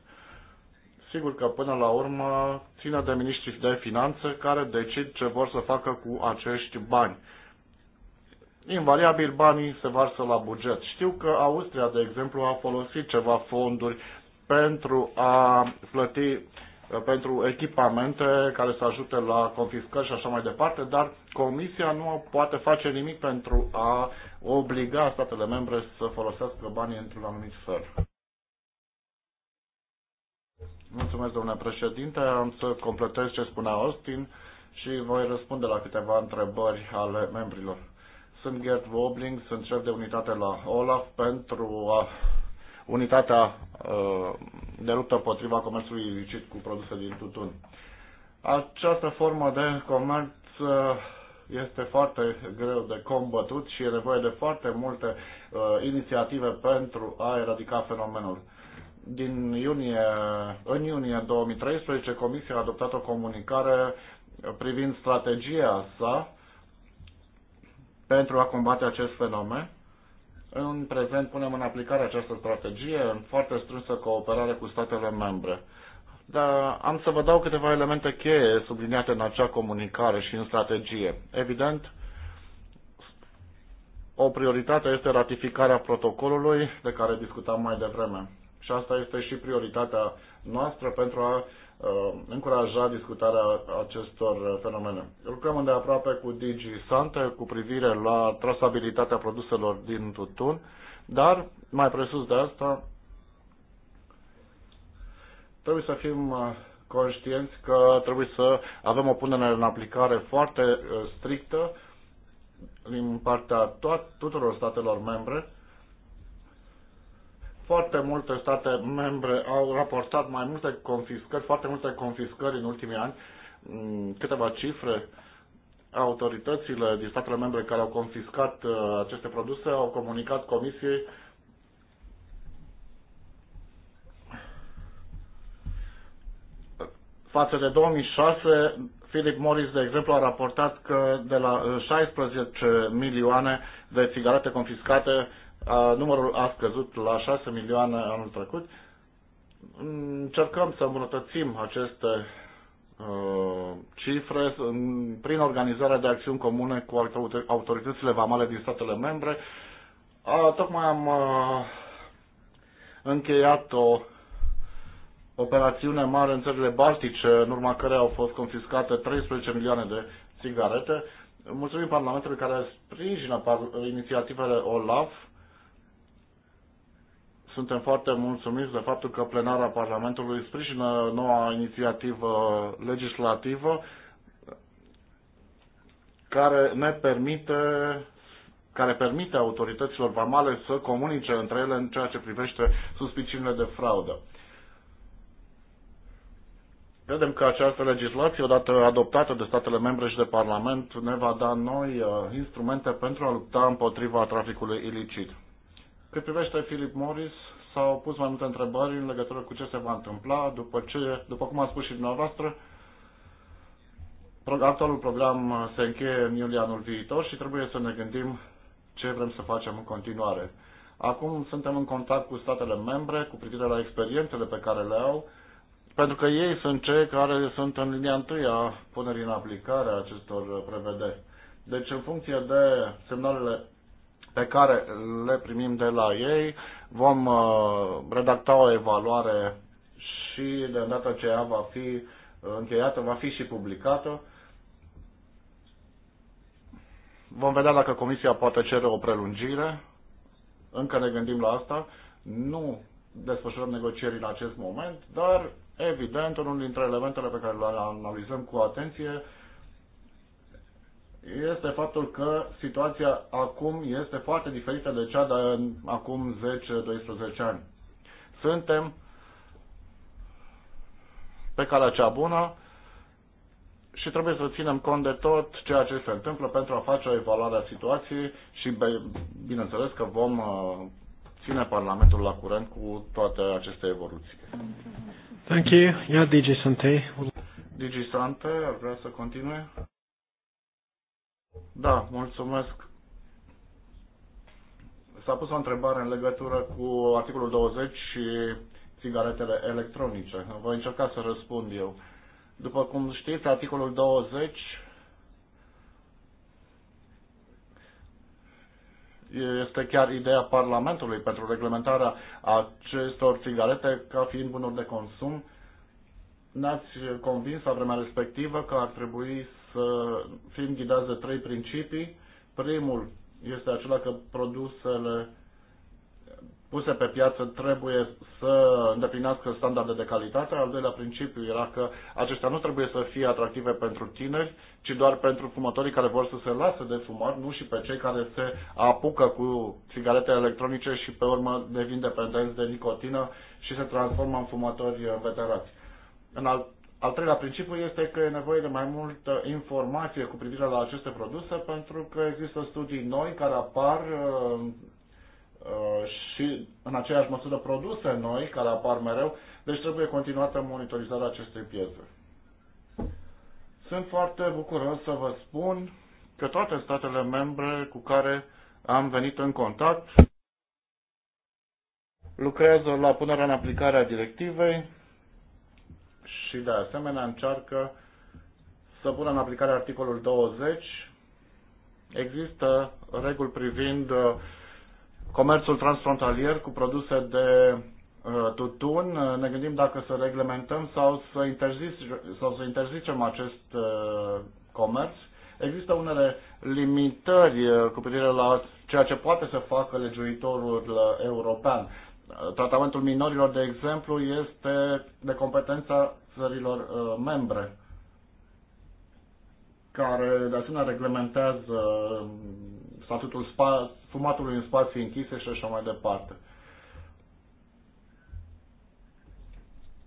Sigur că până la urmă ține de ministrii de finanțe care decid ce vor să facă cu acești bani invariabil banii se varsă la buget. Știu că Austria, de exemplu, a folosit ceva fonduri pentru a plăti pentru echipamente care să ajute la confiscări și așa mai departe, dar Comisia nu poate face nimic pentru a obliga statele membre să folosească banii într-un anumit fel. Mulțumesc, domnule președinte. Am să completez ce spunea Austin și voi răspunde la câteva întrebări ale membrilor. Sunt Gert Wobling, sunt șef de unitate la OLAF pentru a, unitatea uh, de luptă împotriva comerțului ilicit cu produse din tutun. Această formă de comerț este foarte greu de combătut și e nevoie de foarte multe uh, inițiative pentru a eradica fenomenul. Din iunie, în iunie 2013, Comisia a adoptat o comunicare privind strategia sa pentru a combate acest fenomen. În prezent punem în aplicare această strategie în foarte strânsă cooperare cu statele membre. Dar am să vă dau câteva elemente cheie subliniate în acea comunicare și în strategie. Evident, o prioritate este ratificarea protocolului de care discutam mai devreme. Și asta este și prioritatea noastră pentru a Uh, încuraja discutarea acestor uh, fenomene. Lucrăm îndeaproape cu Digi Sante cu privire la trasabilitatea produselor din tutun, dar mai presus de asta trebuie să fim uh, conștienți că trebuie să avem o punere în aplicare foarte strictă din partea tuturor statelor membre foarte multe state membre au raportat mai multe confiscări, foarte multe confiscări în ultimii ani, mm, câteva cifre. Autoritățile din statele membre care au confiscat uh, aceste produse au comunicat comisiei față de 2006 Philip Morris, de exemplu, a raportat că de la 16 uh, milioane de țigarete confiscate, numărul a scăzut la 6 milioane anul trecut. Încercăm să îmbunătățim aceste cifre prin organizarea de acțiuni comune cu autoritățile vamale din statele membre. Tocmai am încheiat o operațiune mare în țările baltice, în urma care au fost confiscate 13 milioane de țigarete. Mulțumim Parlamentului care sprijină inițiativele OLAF suntem foarte mulțumiți de faptul că plenara Parlamentului sprijină noua inițiativă legislativă care ne permite care permite autorităților vamale să comunice între ele în ceea ce privește suspiciunile de fraudă. Credem că această legislație, odată adoptată de statele membre și de Parlament, ne va da noi uh, instrumente pentru a lupta împotriva traficului ilicit. Cât privește Philip Morris, s-au pus mai multe întrebări în legătură cu ce se va întâmpla după ce, după cum a spus și dumneavoastră, actualul program se încheie în iulie anul viitor și trebuie să ne gândim ce vrem să facem în continuare. Acum suntem în contact cu statele membre cu privire la experiențele pe care le au, pentru că ei sunt cei care sunt în linia întâi a punerii în aplicare a acestor prevederi. Deci, în funcție de semnalele pe care le primim de la ei. Vom uh, redacta o evaluare și de data ce va fi uh, încheiată, va fi și publicată. Vom vedea dacă comisia poate cere o prelungire. Încă ne gândim la asta. Nu desfășurăm negocieri în acest moment, dar evident unul dintre elementele pe care le analizăm cu atenție este faptul că situația acum este foarte diferită de cea de acum 10-12 ani. Suntem pe calea cea bună și trebuie să ținem cont de tot ceea ce se întâmplă pentru a face o evaluare a situației și, bineînțeles, că vom uh, ține Parlamentul la curent cu toate aceste evoluții. Thank you. Yeah, DG Sante. DG Sante, ar vrea să continue? Da, mulțumesc. S-a pus o întrebare în legătură cu articolul 20 și țigaretele electronice. Voi încerca să răspund eu. După cum știți, articolul 20 este chiar ideea Parlamentului pentru reglementarea acestor țigarete ca fiind bunuri de consum. Ne-ați convins la vremea respectivă că ar trebui să fim ghidați de trei principii. Primul este acela că produsele puse pe piață trebuie să îndeplinească standarde de calitate. Al doilea principiu era că acestea nu trebuie să fie atractive pentru tineri, ci doar pentru fumătorii care vor să se lasă de fumat, nu și pe cei care se apucă cu țigarete electronice și pe urmă devin dependenți de nicotină și se transformă în fumători veterați. În al al treilea principiu este că e nevoie de mai multă informație cu privire la aceste produse pentru că există studii noi care apar uh, uh, și în aceeași măsură produse noi care apar mereu, deci trebuie continuată monitorizarea acestei piețe. Sunt foarte bucuros să vă spun că toate statele membre cu care am venit în contact lucrează la punerea în aplicare a directivei și de asemenea încearcă să pună în aplicare articolul 20. Există reguli privind uh, comerțul transfrontalier cu produse de uh, tutun. Uh, ne gândim dacă să reglementăm sau să, interzicem, sau să interzicem acest comerț. Există unele limitări cu privire la ceea ce poate să facă legiuitorul european. Tratamentul minorilor, de exemplu, este de competența țărilor uh, membre, care de asemenea reglementează uh, statutul spa, fumatului în spații închise și așa mai departe.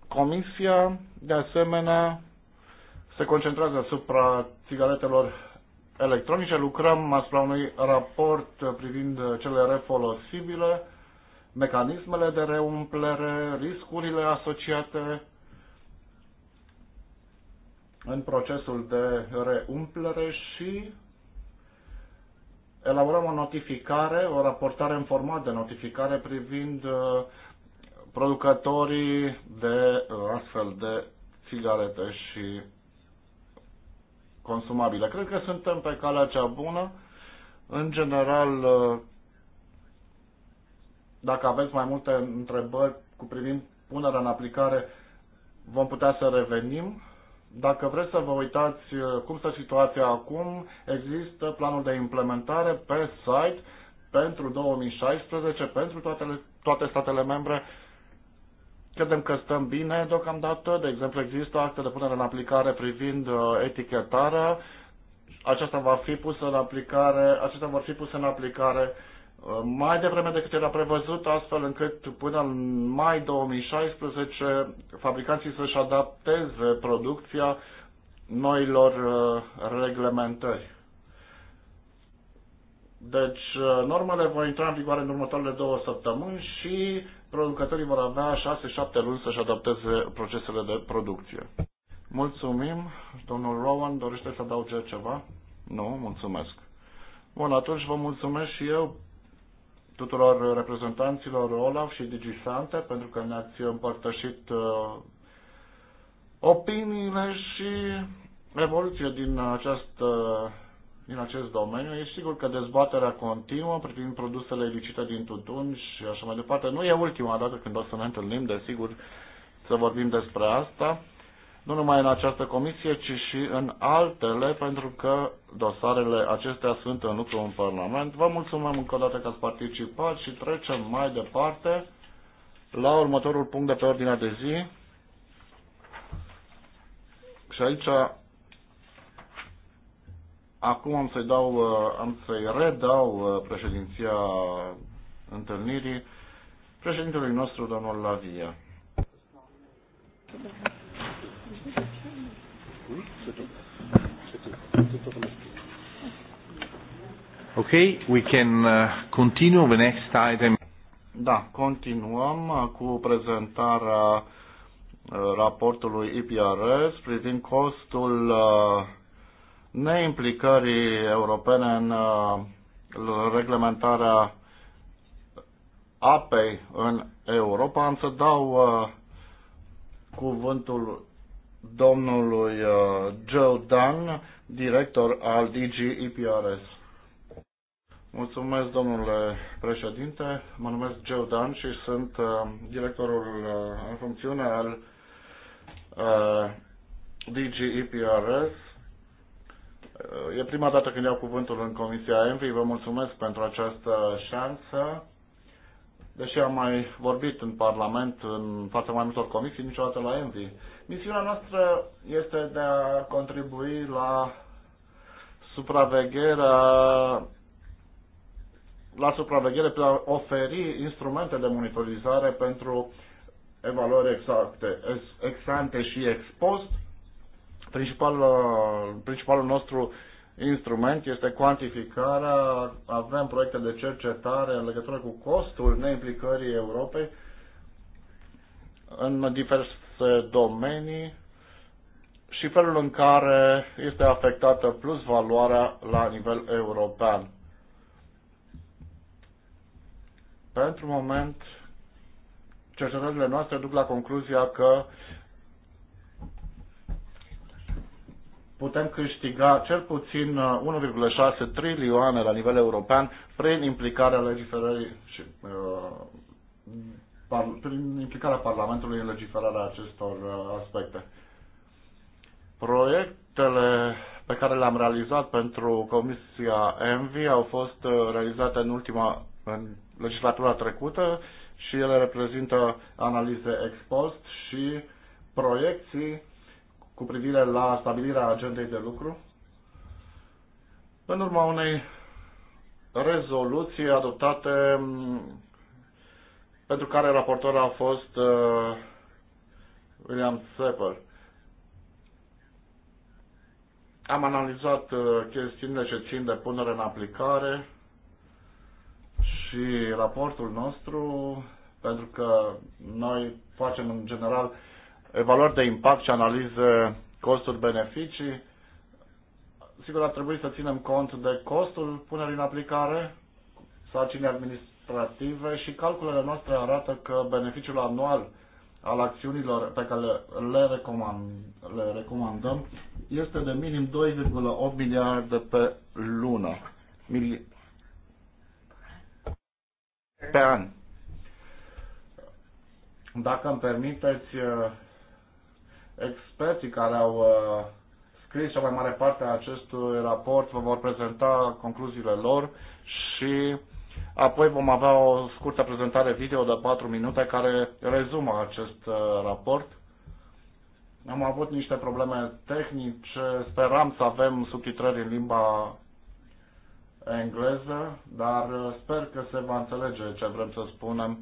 Comisia, de asemenea, se concentrează asupra țigaretelor electronice. Lucrăm asupra unui raport privind cele refolosibile, mecanismele de reumplere, riscurile asociate în procesul de reumplere și elaborăm o notificare, o raportare în format de notificare privind uh, producătorii de uh, astfel de țigarete și consumabile. Cred că suntem pe calea cea bună. În general, uh, dacă aveți mai multe întrebări cu privind punerea în aplicare, vom putea să revenim dacă vreți să vă uitați uh, cum stă situația acum, există planul de implementare pe site pentru 2016, pentru toate, toate statele membre. Credem că stăm bine deocamdată. De exemplu, există acte de punere în aplicare privind uh, etichetarea. Aceasta va fi pusă în aplicare, acestea vor fi puse în aplicare mai devreme decât era prevăzut, astfel încât până în mai 2016 fabricanții să-și adapteze producția noilor uh, reglementări. Deci, uh, normele vor intra în vigoare în următoarele două săptămâni și producătorii vor avea 6-7 luni să-și adapteze procesele de producție. Mulțumim. Domnul Rowan dorește să adauge ceva? Nu, mulțumesc. Bun, atunci vă mulțumesc și eu tuturor reprezentanților OLAF și DigiSante pentru că ne-ați împărtășit uh, opiniile și evoluția din acest, uh, din acest domeniu. E sigur că dezbaterea continuă privind produsele ilicite din tutun și așa mai departe. Nu e ultima dată când o să ne întâlnim, desigur, să vorbim despre asta nu numai în această comisie, ci și în altele, pentru că dosarele acestea sunt în lucru în Parlament. Vă mulțumim încă o dată că ați participat și trecem mai departe la următorul punct de pe ordinea de zi. Și aici acum am să-i dau, uh, am să-i redau uh, președinția întâlnirii președintelui nostru, domnul Lavia. Thank you. Okay, we can uh, continue the next item. Da, continuăm uh, cu prezentarea uh, raportului IPRS privind costul uh, neimplicării europene în reglementarea apei în Europa. Am să dau cuvântul domnului uh, Joe Dunn, director al DG EPRS. Mulțumesc, domnule președinte. Mă numesc Joe Dan și sunt uh, directorul uh, în funcțiune al uh, DG EPRS. Uh, e prima dată când iau cuvântul în Comisia ENVI. Vă mulțumesc pentru această șansă. Deși am mai vorbit în Parlament în fața mai multor comisii, niciodată la ENVI. Misiunea noastră este de a contribui la supravegherea la supraveghere pentru a oferi instrumente de monitorizare pentru evaluări exacte, exante și ex-post. Principalul, principalul nostru instrument este cuantificarea. Avem proiecte de cercetare în legătură cu costul neimplicării Europei în diverse domenii și felul în care este afectată plus valoarea la nivel european. Pentru moment, cercetările noastre duc la concluzia că putem câștiga cel puțin 1,6 uh, trilioane la nivel european prin implicarea legiferării și uh, prin implicarea Parlamentului în legiferarea acestor uh, aspecte. Proiectele pe care le-am realizat pentru Comisia ENVI au fost uh, realizate în ultima, în legislatura trecută și ele reprezintă analize ex post și proiecții cu privire la stabilirea agendei de lucru în urma unei rezoluții adoptate mm, pentru care raportor a fost uh, William Sepper. Am analizat uh, chestiunile ce țin de punere în aplicare și raportul nostru, pentru că noi facem în general evaluări de impact și analize costuri-beneficii. Sigur, ar trebui să ținem cont de costul punerii în aplicare, sarcini administrative administrative și calculele noastre arată că beneficiul anual al acțiunilor pe care le, recomand, le recomandăm este de minim 2,8 miliarde pe lună. Mili- pe an. Dacă îmi permiteți, uh, experții care au uh, scris cea mai mare parte a acestui raport vă vor prezenta concluziile lor și Apoi vom avea o scurtă prezentare video de 4 minute care rezumă acest uh, raport. Am avut niște probleme tehnice, speram să avem subtitrări în limba engleză, dar uh, sper că se va înțelege ce vrem să spunem.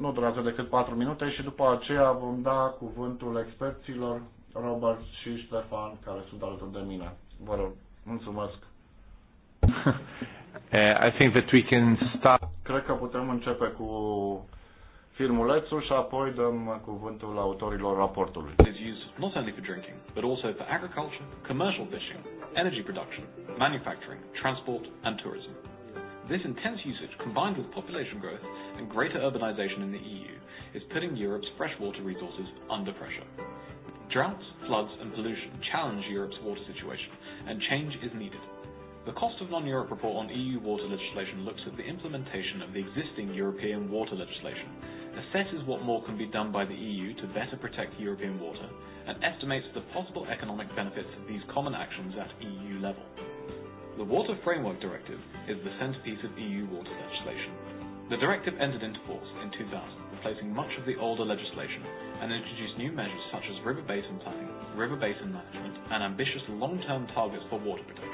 Nu durează decât 4 minute și după aceea vom da cuvântul experților Robert și Ștefan, care sunt alături de mine. Vă rog, mulțumesc! Uh, I think that we can start. Cred că putem începe cu filmulețul și apoi dăm cuvântul autorilor raportului. Is used not only for drinking, but also for agriculture, commercial fishing, energy production, manufacturing, transport and tourism. This intense usage, combined with population growth and greater urbanization in the EU, is putting Europe's freshwater resources under pressure. Droughts, floods and pollution challenge Europe's water situation, and change is needed. The Cost of Non-Europe report on EU water legislation looks at the implementation of the existing European water legislation, assesses what more can be done by the EU to better protect European water, and estimates the possible economic benefits of these common actions at EU level. The Water Framework Directive is the centerpiece of EU water legislation. The directive entered into force in 2000, replacing much of the older legislation, and introduced new measures such as river basin planning, river basin management, and ambitious long-term targets for water protection.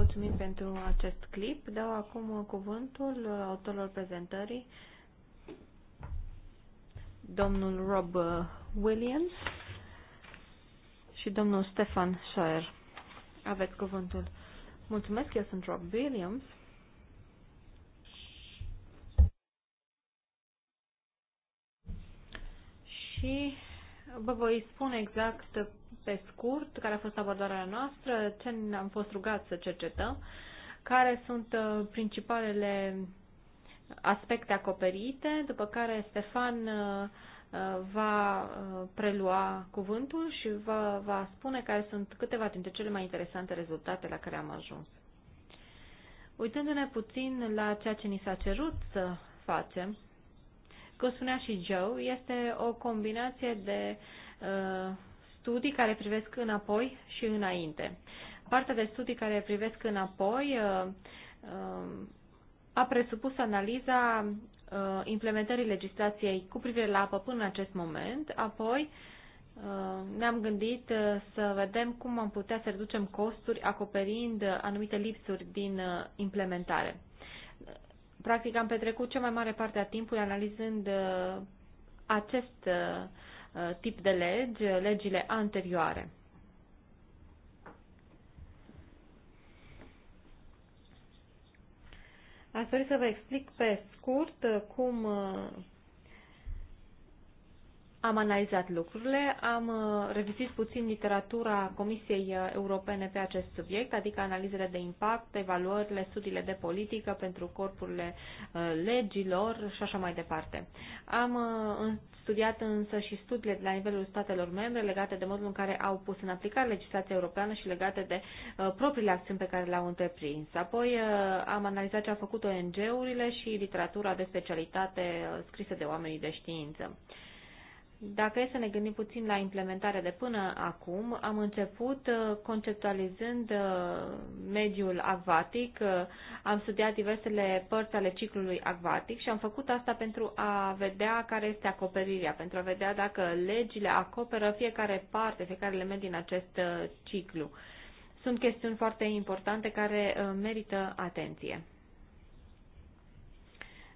Mulțumim pentru acest clip. Dau acum cuvântul autorilor prezentării. Domnul Rob Williams și domnul Stefan Scheuer. Aveți cuvântul. Mulțumesc, eu sunt Rob Williams. Și vă voi spune exact pe scurt, care a fost abordarea noastră, ce am fost rugat să cercetăm, care sunt uh, principalele aspecte acoperite, după care Stefan uh, uh, va prelua cuvântul și va va spune care sunt câteva dintre cele mai interesante rezultate la care am ajuns. Uitându-ne puțin la ceea ce ni s-a cerut să facem, cum spunea și Joe, este o combinație de uh, studii care privesc înapoi și înainte. Partea de studii care privesc înapoi uh, uh, a presupus analiza uh, implementării legislației cu privire la apă până în acest moment, apoi ne-am gândit să vedem cum am putea să reducem costuri acoperind anumite lipsuri din implementare. Practic am petrecut cea mai mare parte a timpului analizând acest Uh, tip de legi, uh, legile anterioare. Aș dori să vă explic pe scurt uh, cum am analizat lucrurile, am uh, revizit puțin literatura Comisiei uh, Europene pe acest subiect, adică analizele de impact, evaluările, studiile de politică pentru corpurile uh, legilor și așa mai departe. Am studiat însă și studiile de la nivelul statelor membre legate de modul în care au pus în aplicare legislația europeană și legate de propriile acțiuni pe care le-au întreprins. Apoi am analizat ce au făcut ONG-urile și literatura de specialitate scrisă de oamenii de știință. Dacă e să ne gândim puțin la implementarea de până acum, am început uh, conceptualizând uh, mediul acvatic, uh, am studiat diversele părți ale ciclului acvatic și am făcut asta pentru a vedea care este acoperirea, pentru a vedea dacă legile acoperă fiecare parte, fiecare element din acest ciclu. Sunt chestiuni foarte importante care merită atenție.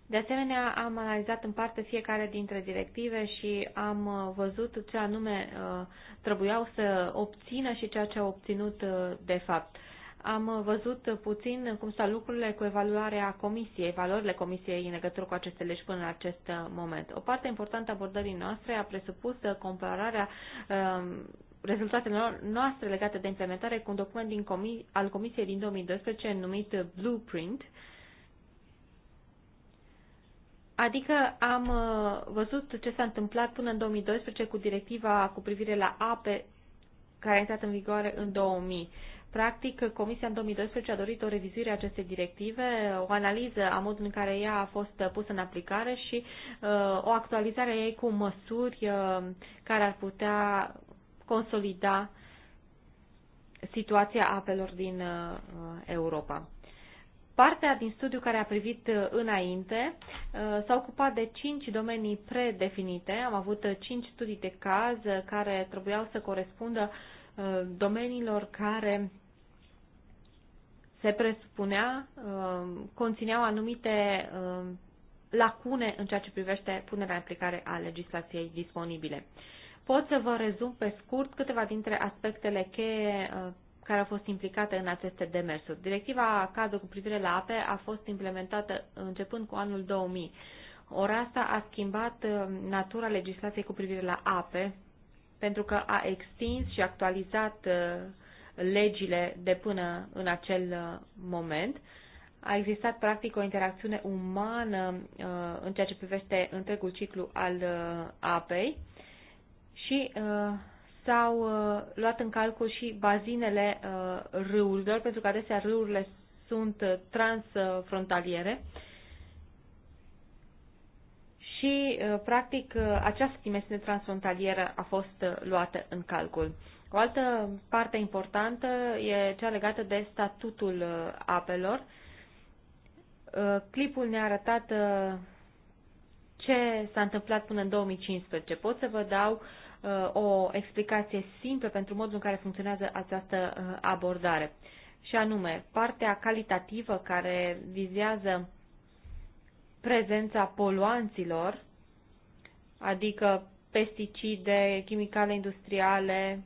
De asemenea, am analizat în parte fiecare dintre directive și am uh, văzut ce anume uh, trebuiau să obțină și ceea ce au obținut uh, de fapt. Am văzut puțin cum stau lucrurile cu evaluarea comisiei, valorile comisiei în legătură cu aceste legi până în acest moment. O parte importantă a abordării noastre a presupus compararea um, rezultatele noastre legate de implementare cu un document din comi al Comisiei din 2012 numit Blueprint, uh, Adică am uh, văzut ce s-a întâmplat până în 2012 cu directiva cu privire la ape care a intrat în vigoare în 2000. Practic, Comisia în 2012 a dorit o revizuire a acestei directive, o analiză a modului în care ea a fost pusă în aplicare și uh, o actualizare a ei cu măsuri uh, care ar putea consolida situația apelor din uh, Europa. Partea din studiu care a privit uh, înainte uh, s-a ocupat de cinci domenii predefinite. Am avut uh, cinci studii de caz care trebuiau să corespundă domeniilor care se presupunea conțineau anumite lacune în ceea ce privește punerea în aplicare a legislației disponibile. Pot să vă rezum pe scurt câteva dintre aspectele cheie care au fost implicate în aceste demersuri. Directiva cadru cu privire la ape a fost implementată începând cu anul 2000. Ori asta a schimbat uh, natura legislației cu privire la ape, pentru că a extins și actualizat uh, legile de până în acel uh, moment. A existat practic o interacțiune umană în ceea ce privește întregul ciclu al apei și s-au uh, luat în calcul și bazinele uh, râurilor, pentru că adesea râurile sunt uh, transfrontaliere. Și, practic, această dimensiune transfrontalieră a fost luată în calcul. O altă parte importantă e cea legată de statutul apelor. clipul ne-a arătat ce s-a întâmplat până în 2015. Pot să vă dau uh, Uh, o explicație simplă pentru modul în care funcționează această uh, abordare. Și anume, partea calitativă care vizează prezența poluanților, adică pesticide, chimicale industriale,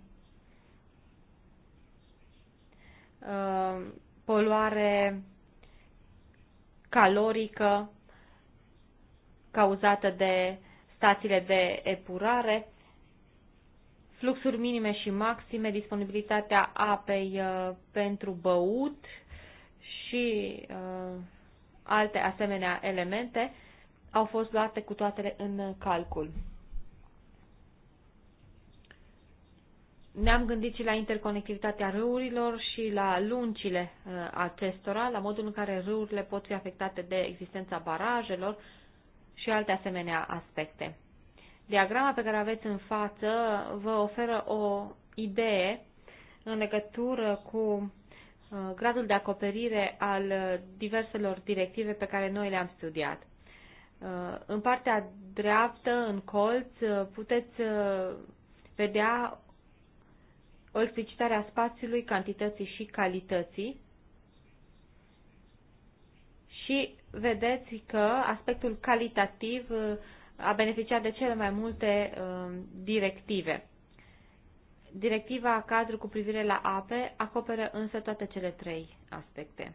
uh, poluare calorică cauzată de stațiile de epurare, fluxuri minime și maxime, disponibilitatea apei uh, pentru băut și uh, alte asemenea elemente au fost luate cu toate în calcul. Ne-am gândit și la interconectivitatea râurilor și la lungile uh, acestora, la modul în care râurile pot fi afectate de existența barajelor și alte asemenea aspecte. Diagrama pe care aveți în față vă oferă o idee în legătură cu uh, gradul de acoperire al diverselor directive pe care noi le-am studiat. Uh, în partea dreaptă, în colț, uh, puteți vedea o explicitare a spațiului, cantității și calității. Și vedeți că aspectul calitativ a beneficiat de cele mai multe um, directive. Directiva cadru cu privire la ape acoperă însă toate cele trei aspecte.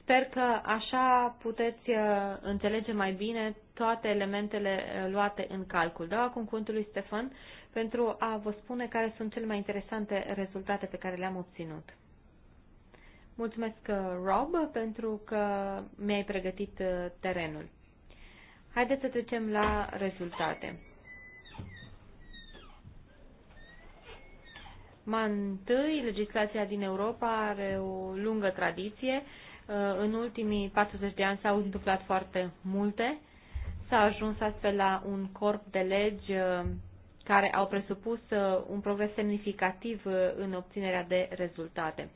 Sper că așa puteți uh, înțelege mai bine toate elementele uh, luate în calcul. Dau acum cuvântul lui Stefan pentru a vă spune care sunt cele mai interesante rezultate pe care le-am obținut. Mulțumesc, uh, Rob, pentru că mi-ai pregătit uh, terenul. Haideți să trecem la rezultate. Mai întâi, legislația din Europa are o lungă tradiție. Uh, în ultimii 40 de ani s-au întâmplat foarte multe. S-a ajuns astfel la un corp de legi care au presupus un progres semnificativ în obținerea de rezultate.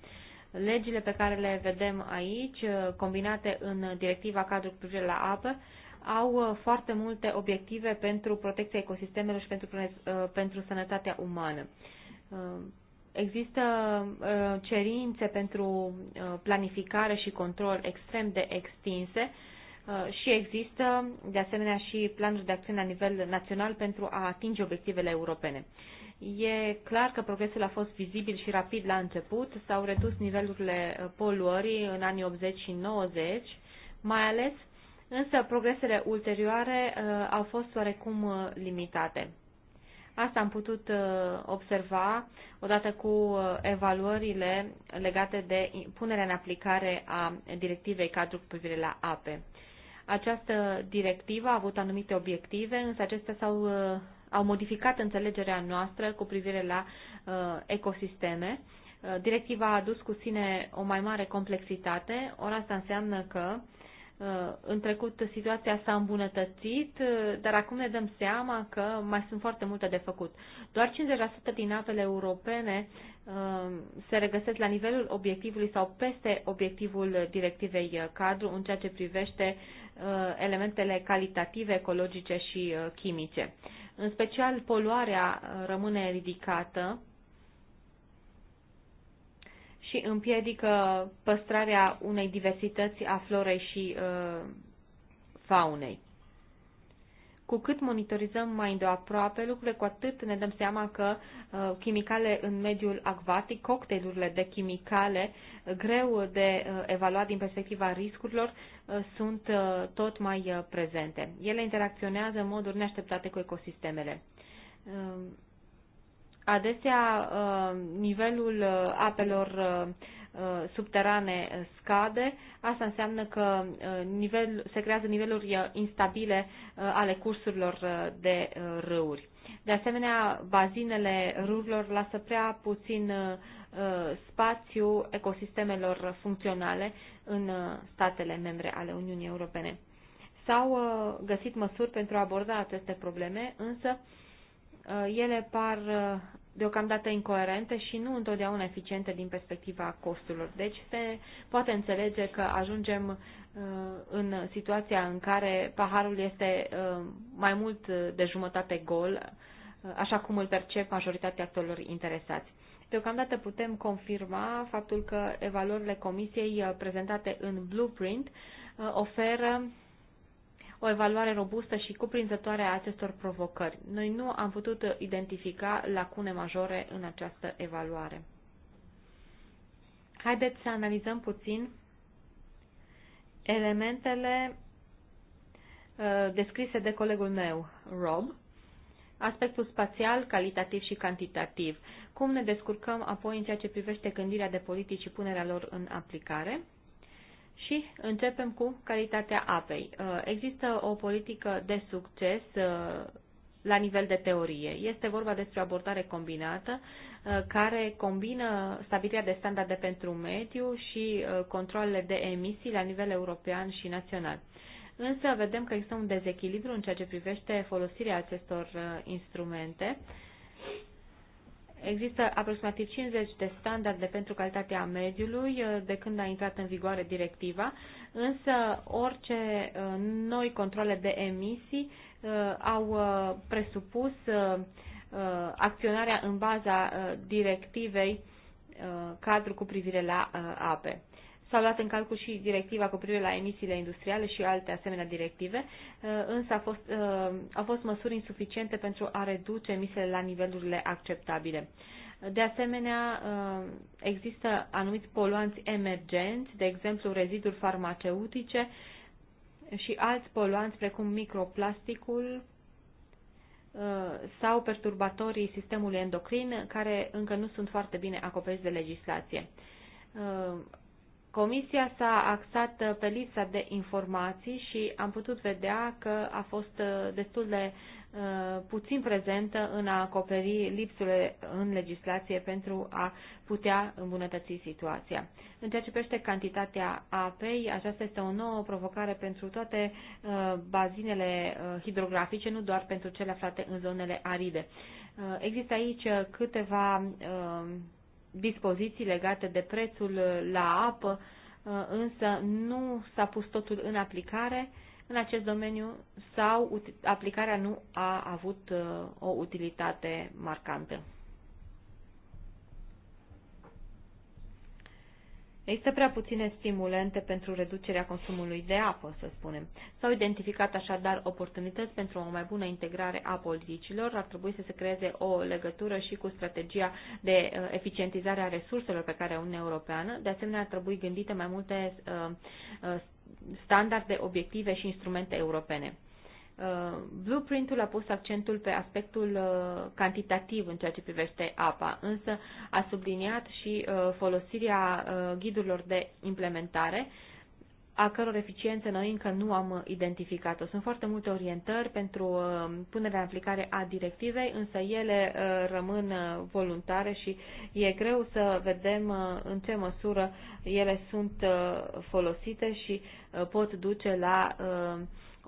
Legile pe care le vedem aici, uh, combinate în directiva cadru cu privire la apă, au uh, foarte multe obiective pentru protecția ecosistemelor și pentru, uh, pentru sănătatea umană. Există cerințe pentru planificare și control extrem de extinse și există, de asemenea, și planuri de acțiune la nivel național pentru a atinge obiectivele europene. E clar că progresul a fost vizibil și rapid la început, s-au redus nivelurile uh, poluării în anii 80 și 90, mai ales, însă progresele ulterioare uh, au fost oarecum uh, limitate. Asta am putut uh, observa odată cu uh, evaluările legate de punerea în aplicare a directivei cadru cu privire la ape. Această directivă a avut anumite obiective, însă acestea s-au uh, au modificat înțelegerea noastră cu privire la uh, ecosisteme. Uh, directiva a adus cu sine o mai mare complexitate, ori asta înseamnă că uh, în trecut situația s-a îmbunătățit, uh, dar acum ne dăm seama că mai sunt foarte multe de făcut. Doar 50% din apele europene uh, se regăsesc la nivelul obiectivului sau peste obiectivul directivei uh, cadru în ceea ce privește uh, elementele calitative, ecologice și chimice. În special, poluarea uh, rămâne ridicată și împiedică păstrarea unei diversități a florei și uh, faunei. Cu cât monitorizăm mai îndeaproape lucrurile, cu atât ne dăm seama că uh, chimicale în mediul acvatic, cocktailurile de chimicale uh, greu de uh, evaluat din perspectiva riscurilor, uh, sunt uh, tot mai uh, prezente. Ele interacționează în moduri neașteptate cu ecosistemele. Uh, adesea uh, nivelul uh, apelor Uh, subterane uh, scade, asta înseamnă că uh, nivel, se creează niveluri instabile ale cursurilor de râuri. De asemenea, bazinele râurilor lasă prea puțin spațiu ecosistemelor funcționale în statele membre ale Uniunii Europene. S-au găsit măsuri pentru a aborda aceste probleme, însă ele par deocamdată incoerente și nu întotdeauna eficiente din perspectiva costurilor. Deci se poate înțelege că ajungem uh, în situația în care paharul este uh, mai mult de jumătate gol, uh, așa cum îl percep majoritatea actorilor interesați. Deocamdată putem confirma faptul că evaluările comisiei prezentate în Blueprint oferă o evaluare robustă și cuprinzătoare a acestor provocări. Noi nu am putut identifica lacune majore în această evaluare. Haideți să analizăm puțin elementele uh, descrise de colegul meu, Rob, aspectul spațial, calitativ și cantitativ, cum ne descurcăm apoi în ceea ce privește gândirea de politici și punerea lor în aplicare, și începem cu calitatea apei. Uh, există o politică de succes uh, la nivel de teorie. Este vorba despre o abordare combinată uh, care combină stabilirea de standarde pentru mediu și controlele de emisii la nivel european și național. Însă vedem că există un dezechilibru în ceea ce privește folosirea acestor instrumente Există aproximativ 50 de standarde pentru calitatea mediului uh, de când a intrat în vigoare directiva, însă orice uh, noi controle de emisii uh, au presupus acționarea în baza directivei cadru cu privire la ape. S-au luat în calcul și directiva cu privire la emisiile industriale și alte asemenea directive, uh, însă a fost, uh, au fost măsuri insuficiente pentru a reduce emisiile la nivelurile acceptabile. De asemenea, uh, există anumiți poluanți emergenți, de exemplu reziduri farmaceutice și alți poluanți precum microplasticul sau perturbatorii sistemului endocrin, care încă nu sunt foarte bine acoperiți de legislație. Comisia s-a axat uh, pe lista de informații și am putut vedea că a fost uh, destul de uh, puțin prezentă în a acoperi lipsurile în legislație pentru a putea îmbunătăți situația. În ceea ce privește cantitatea apei, aceasta este o nouă provocare pentru toate bazinele hidrografice, nu doar pentru cele aflate în zonele aride. Există aici câteva dispoziții legate de prețul uh, la apă, uh, însă nu s-a pus totul în aplicare în acest domeniu sau aplicarea nu a avut uh, o utilitate marcantă. Există prea puține stimulente pentru reducerea consumului de apă, să spunem. S-au identificat așadar oportunități pentru o mai bună integrare a politicilor. Ar trebui să se creeze o legătură și cu strategia de uh, eficientizare a resurselor pe care Uniunea Europeană. De asemenea, ar trebui gândite mai multe uh, uh, standarde, obiective și instrumente europene. Uh, blueprintul a pus accentul pe aspectul uh, cantitativ în ceea ce privește apa, însă a subliniat și uh, folosirea ghidurilor de implementare, a căror eficiență noi încă nu am identificat-o. Sunt foarte multe orientări pentru punerea în aplicare a directivei, însă ele rămân voluntare și e greu să vedem în ce măsură ele sunt folosite și pot duce la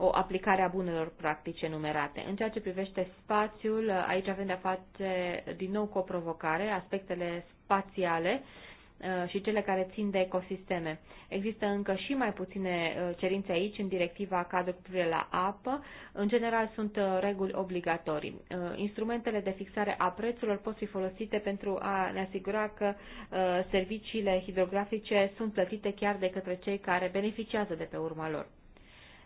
o aplicare a bunelor practice numerate. În ceea ce privește spațiul, aici avem de-a face din nou cu o provocare, aspectele spațiale uh, și cele care țin de ecosisteme. Există încă și mai puține uh, cerințe aici în directiva cadru cu privire la apă. În general sunt uh, reguli obligatorii. Instrumentele de fixare a prețurilor pot fi folosite pentru a ne asigura că serviciile hidrografice sunt plătite chiar de către cei care beneficiază de pe urma lor.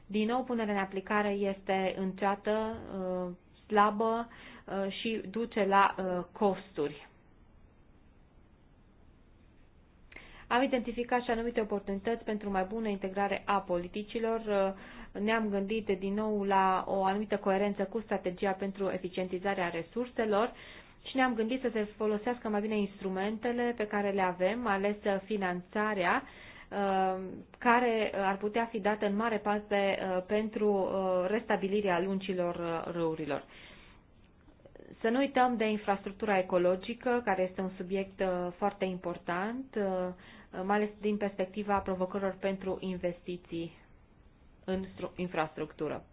Din nou, punerea în aplicare este înceată, uh, slabă uh, și duce la uh, costuri. Am identificat și anumite oportunități pentru mai bună integrare a politicilor. Ne-am gândit din nou la o anumită coerență cu strategia pentru eficientizarea resurselor și ne-am gândit să se folosească mai bine instrumentele pe care le avem, ales finanțarea Uh, care uh, ar putea fi dată în mare parte uh, pentru restabilirea luncilor râurilor. Să nu uităm de infrastructura ecologică, care este un subiect foarte important, mai ales din perspectiva provocărilor pentru investiții în infrastructură.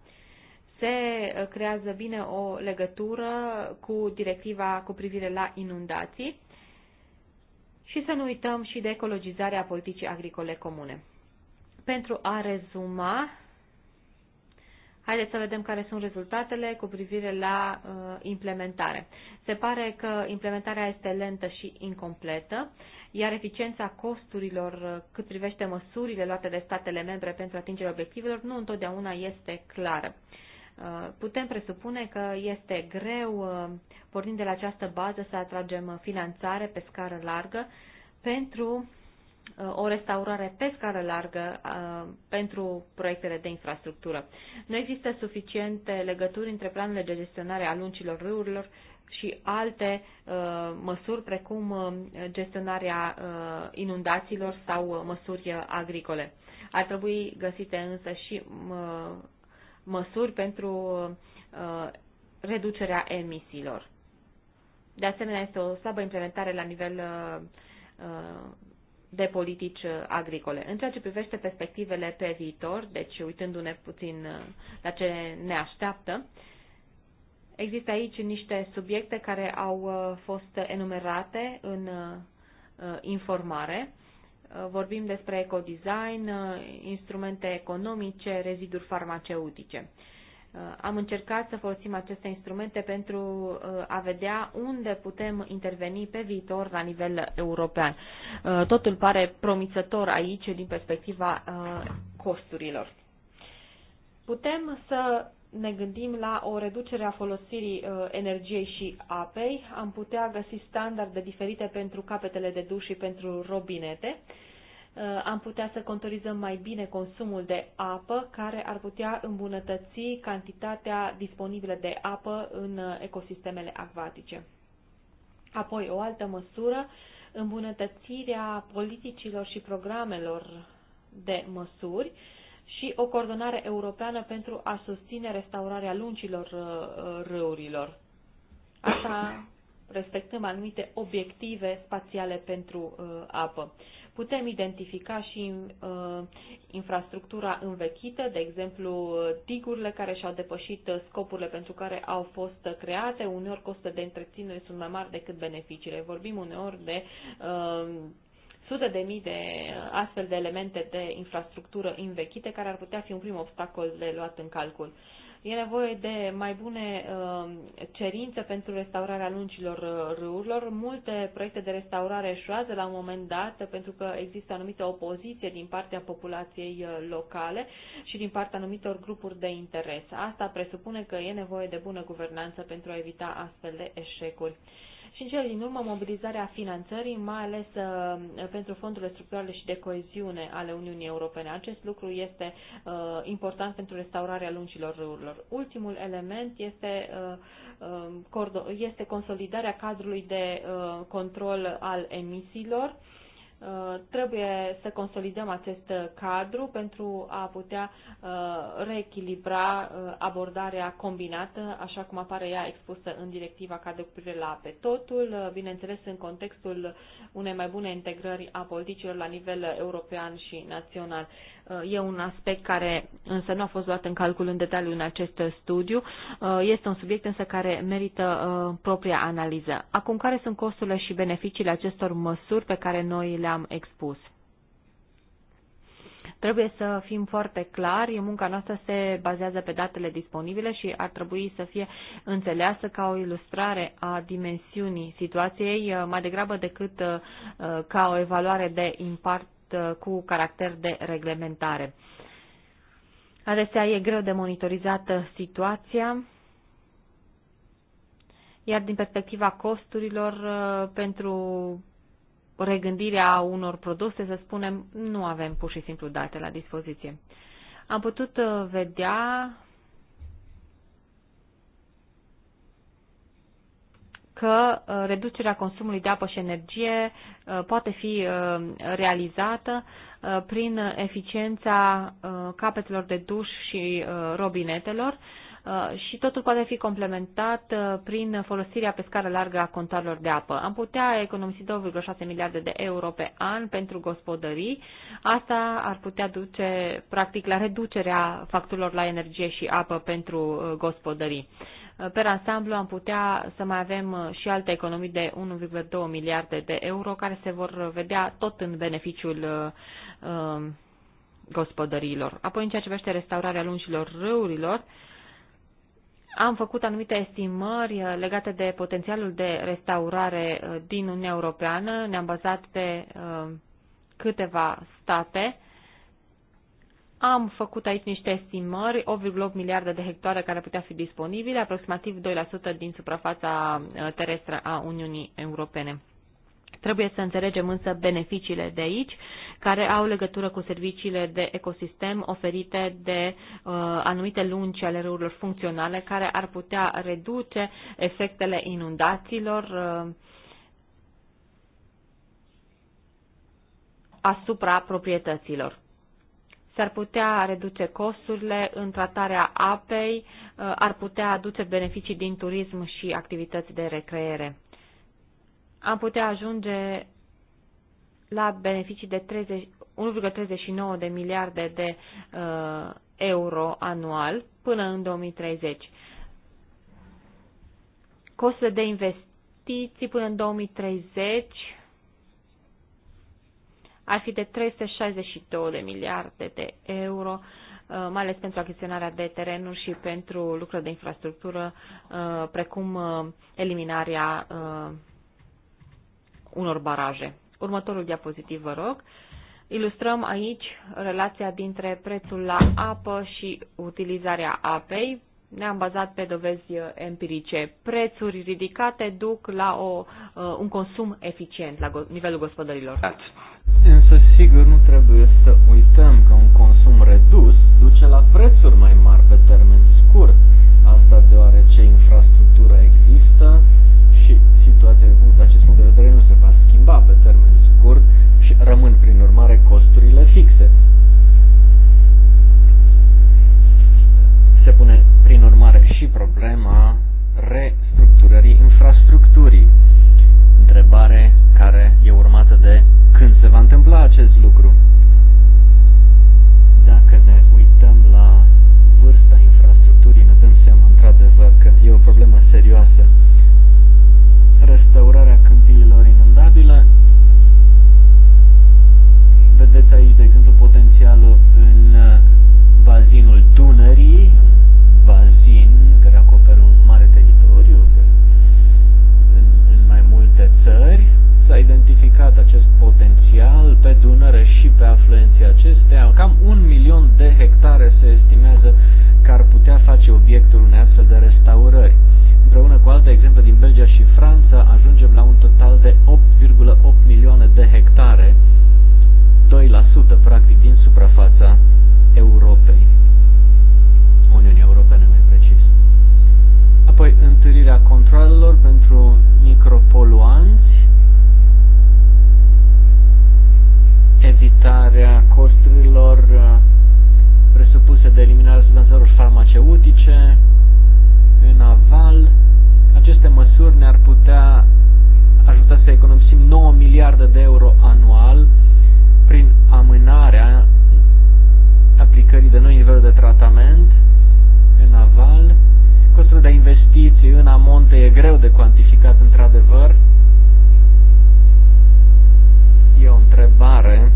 Se creează bine o legătură cu directiva cu privire la inundații, și să nu uităm și de ecologizarea politicii agricole comune. Pentru a rezuma, Haideți să vedem care sunt rezultatele cu privire la uh, implementare. Se pare că implementarea este lentă și incompletă, iar eficiența costurilor uh, cât privește măsurile luate de statele membre pentru atingerea obiectivelor nu întotdeauna este clară. Uh, Uh, putem presupune că este greu, uh, pornind de la această bază, să atragem uh, finanțare pe scară largă pentru o restaurare pe scară largă pentru proiectele de infrastructură. Nu există suficiente legături între planurile de gestionare a lungilor râurilor și alte măsuri precum gestionarea inundațiilor sau măsuri agricole. Ar trebui găsite însă și măsuri pentru uh, reducerea emisiilor. De asemenea, este o slabă implementare la nivel uh, uh, de politici agricole. În ceea ce privește perspectivele pe viitor, deci uitându-ne puțin la ce ne așteaptă, există aici niște subiecte care au fost enumerate în informare Eh, vorbim despre ecodesign, eh, instrumente economice, reziduri farmaceutice. Eh, am încercat să folosim aceste instrumente pentru a vedea unde putem interveni pe viitor la nivel european. Totul pare promițător aici din perspectiva costurilor. Putem să ne gândim la o reducere a folosirii uh, energiei și apei, am putea găsi standarde diferite pentru capetele de duș și pentru robinete, uh, am putea să contorizăm mai bine consumul de apă, care ar putea îmbunătăți cantitatea disponibilă de apă în uh, ecosistemele acvatice. Apoi, o altă măsură, îmbunătățirea politicilor și programelor de măsuri uh, și o coordonare europeană pentru a susține restaurarea lungilor uh, uh, râurilor. Asta respectăm anumite obiective spațiale pentru uh, apă. Putem identifica și uh, infrastructura învechită, de exemplu digurile care și-au depășit scopurile pentru care au fost create, uneori costă de întreținere sunt mai mari decât beneficiile. Vorbim uneori de uh, sute de mii de uh, astfel de elemente de infrastructură învechite care ar putea fi un prim obstacol de luat în calcul. E nevoie de mai bune uh, cerințe pentru restaurarea lungilor uh, râurilor. Multe proiecte de restaurare eșuează la un moment dat pentru că există anumită opoziție din partea populației locale și din partea anumitor grupuri de interes. Asta presupune că e nevoie de bună guvernanță pentru a evita astfel de eșecuri și în cele din urmă mobilizarea finanțării, mai ales uh, pentru fondurile structurale și de coeziune ale Uniunii Europene. Acest lucru este uh, important pentru restaurarea lungilor râurilor. Ultimul element este, uh, um, este consolidarea cadrului de control al emisiilor Uh, trebuie să consolidăm acest cadru pentru a putea uh, reechilibra uh, abordarea combinată, așa cum apare ea expusă în directiva ca de privire la pe Totul, bineînțeles, în contextul unei mai bune integrări a politicilor la nivel european și național. E un aspect care însă nu a fost luat în calcul în detaliu în acest studiu. Uh, este un subiect însă care merită uh, propria analiză. Acum, care sunt costurile și beneficiile acestor măsuri pe care noi le-am expus? Trebuie să fim foarte clari, munca noastră se bazează pe datele disponibile și ar trebui să fie înțeleasă ca o ilustrare a dimensiunii situației, uh, mai degrabă decât ca o evaluare de impact Uh, cu caracter de reglementare. Adesea e greu de monitorizată uh, situația, iar din perspectiva costurilor uh, pentru regândirea unor produse, să spunem, nu avem pur și simplu date la dispoziție. Am putut vedea că uh, reducerea consumului de apă și energie uh, poate fi uh, realizată prin eficiența capetelor de duș și robinetelor și totul poate fi complementat prin folosirea pe scară largă a contarilor de apă. Am putea economisi 2,6 miliarde de euro pe an pentru gospodării. Asta ar putea duce, practic, la reducerea facturilor la energie și apă pentru gospodării. Eh, per ansamblu am putea să mai avem eh, și alte economii de 1,2 miliarde de euro care se vor vedea tot în beneficiul eh, gospodăriilor. Apoi, în ceea ce vește restaurarea lungilor râurilor, am făcut anumite estimări legate de potențialul de restaurare din Uniunea Europeană. Ne-am bazat pe câteva state am făcut aici niște estimări, 8,8 miliarde de hectare care putea fi disponibile, aproximativ 2% din suprafața uh, terestră a Uniunii Europene. Trebuie să înțelegem însă beneficiile de aici, care au legătură cu serviciile de ecosistem oferite de uh, anumite lungi ale râurilor funcționale, care ar putea reduce efectele inundațiilor uh, asupra proprietăților s-ar putea reduce costurile în tratarea apei, uh, ar putea aduce beneficii din turism și activități de recreere. Am putea ajunge la beneficii de 1,39 de miliarde de uh, euro anual până în 2030. Costurile de investiții până în 2030 ar fi de 362 de miliarde de euro, uh, mai ales pentru achiziționarea de terenuri și pentru lucruri de infrastructură, uh, precum uh, eliminarea unor baraje. Următorul diapozitiv, vă rog. Ilustrăm aici relația dintre prețul la apă și utilizarea apei. Ne-am bazat pe dovezi empirice. Prețuri ridicate duc la o, un consum eficient la nivelul gospodărilor. Exact. Însă, sigur, nu trebuie să uităm că un consum redus duce la prețuri mai mari pe termen scurt. Asta deoarece infrastructura există și situația din punct, acest punct de vedere nu se va schimba pe termen scurt și rămân, prin urmare, costurile fixe. Se pune, prin urmare, și problema restructurării infrastructurii întrebare care e urmată de când se va întâmpla acest lucru. Dacă ne uităm la vârsta infrastructurii, ne dăm seama într-adevăr că e o problemă serioasă. Restaurarea câmpiilor inundabile, vedeți aici, de exemplu, potențialul în uh, bazinul Dunării, bazin care acoperă un mare teritoriu multe țări. S-a identificat acest potențial pe Dunăre și pe afluenții acestea. Cam un milion de hectare se estimează că ar putea face obiectul unei astfel de restaurări. Împreună cu alte exemple din Belgia și Franța, ajungem la un total de 8,8 milioane de hectare, 2% practic din suprafața Europei, Uniunii Europene mai precis. Apoi întărirea controlelor pentru micropoluanți, evitarea costurilor uh, presupuse de eliminarea substanțelor farmaceutice în aval. Aceste măsuri ne-ar putea ajuta să economisim 9 miliarde de euro anual prin amânarea aplicării de noi niveluri de tratament în aval Costul de investiții în amonte e greu de cuantificat într-adevăr. E o întrebare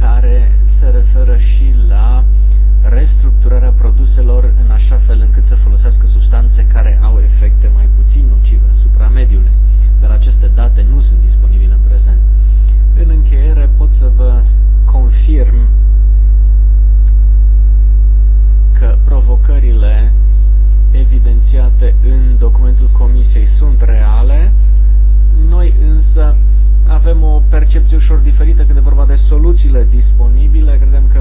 care se referă și la restructurarea produselor în așa fel încât să folosească substanțe care au efecte mai puțin nocive asupra mediului, dar aceste date nu sunt disponibile în prezent. În încheiere pot să vă confirm dacă provocările evidențiate în documentul comisiei sunt reale, noi însă avem o percepție ușor diferită când e vorba de soluțiile disponibile. Credem că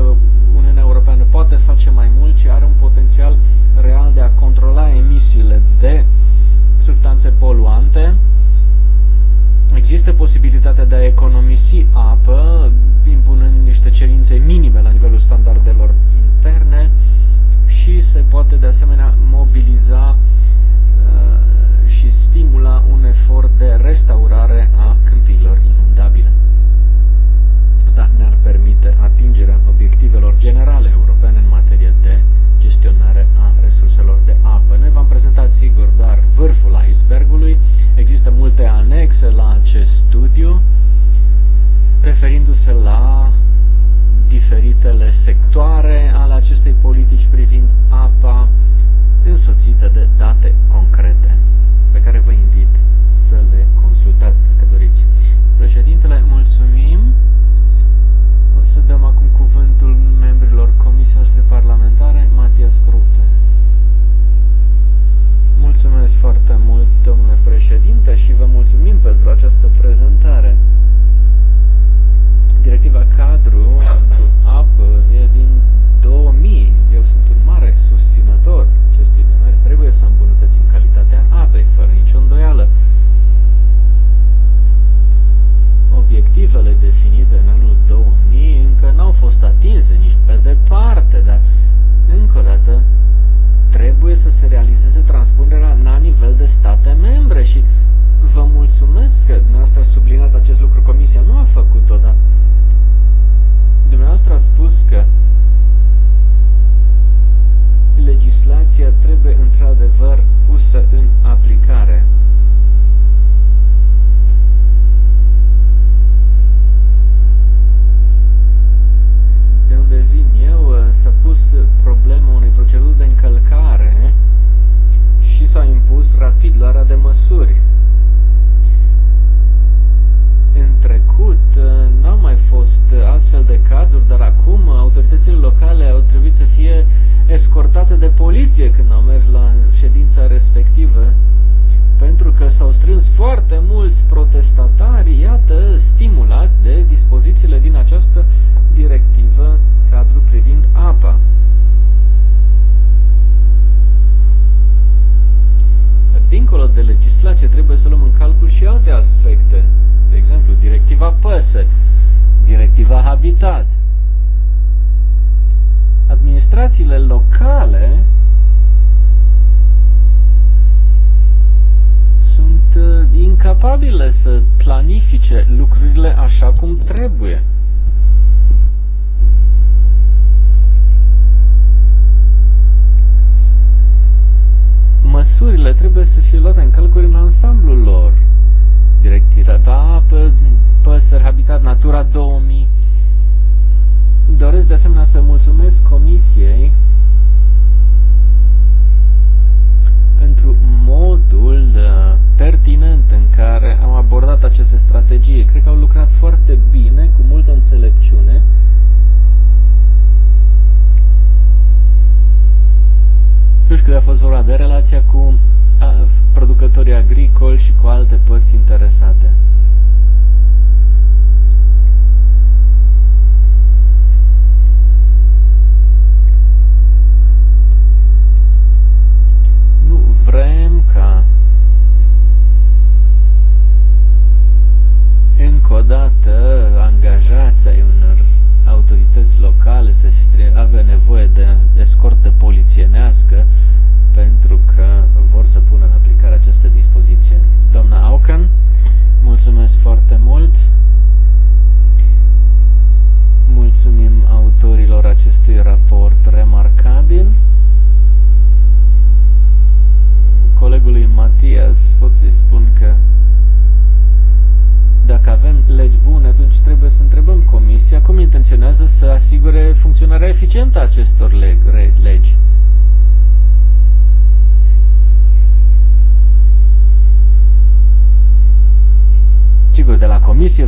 Uniunea Europeană poate face mai mult și are un potențial real de a controla emisiile de substanțe poluante. Există posibilitatea de a economisi apă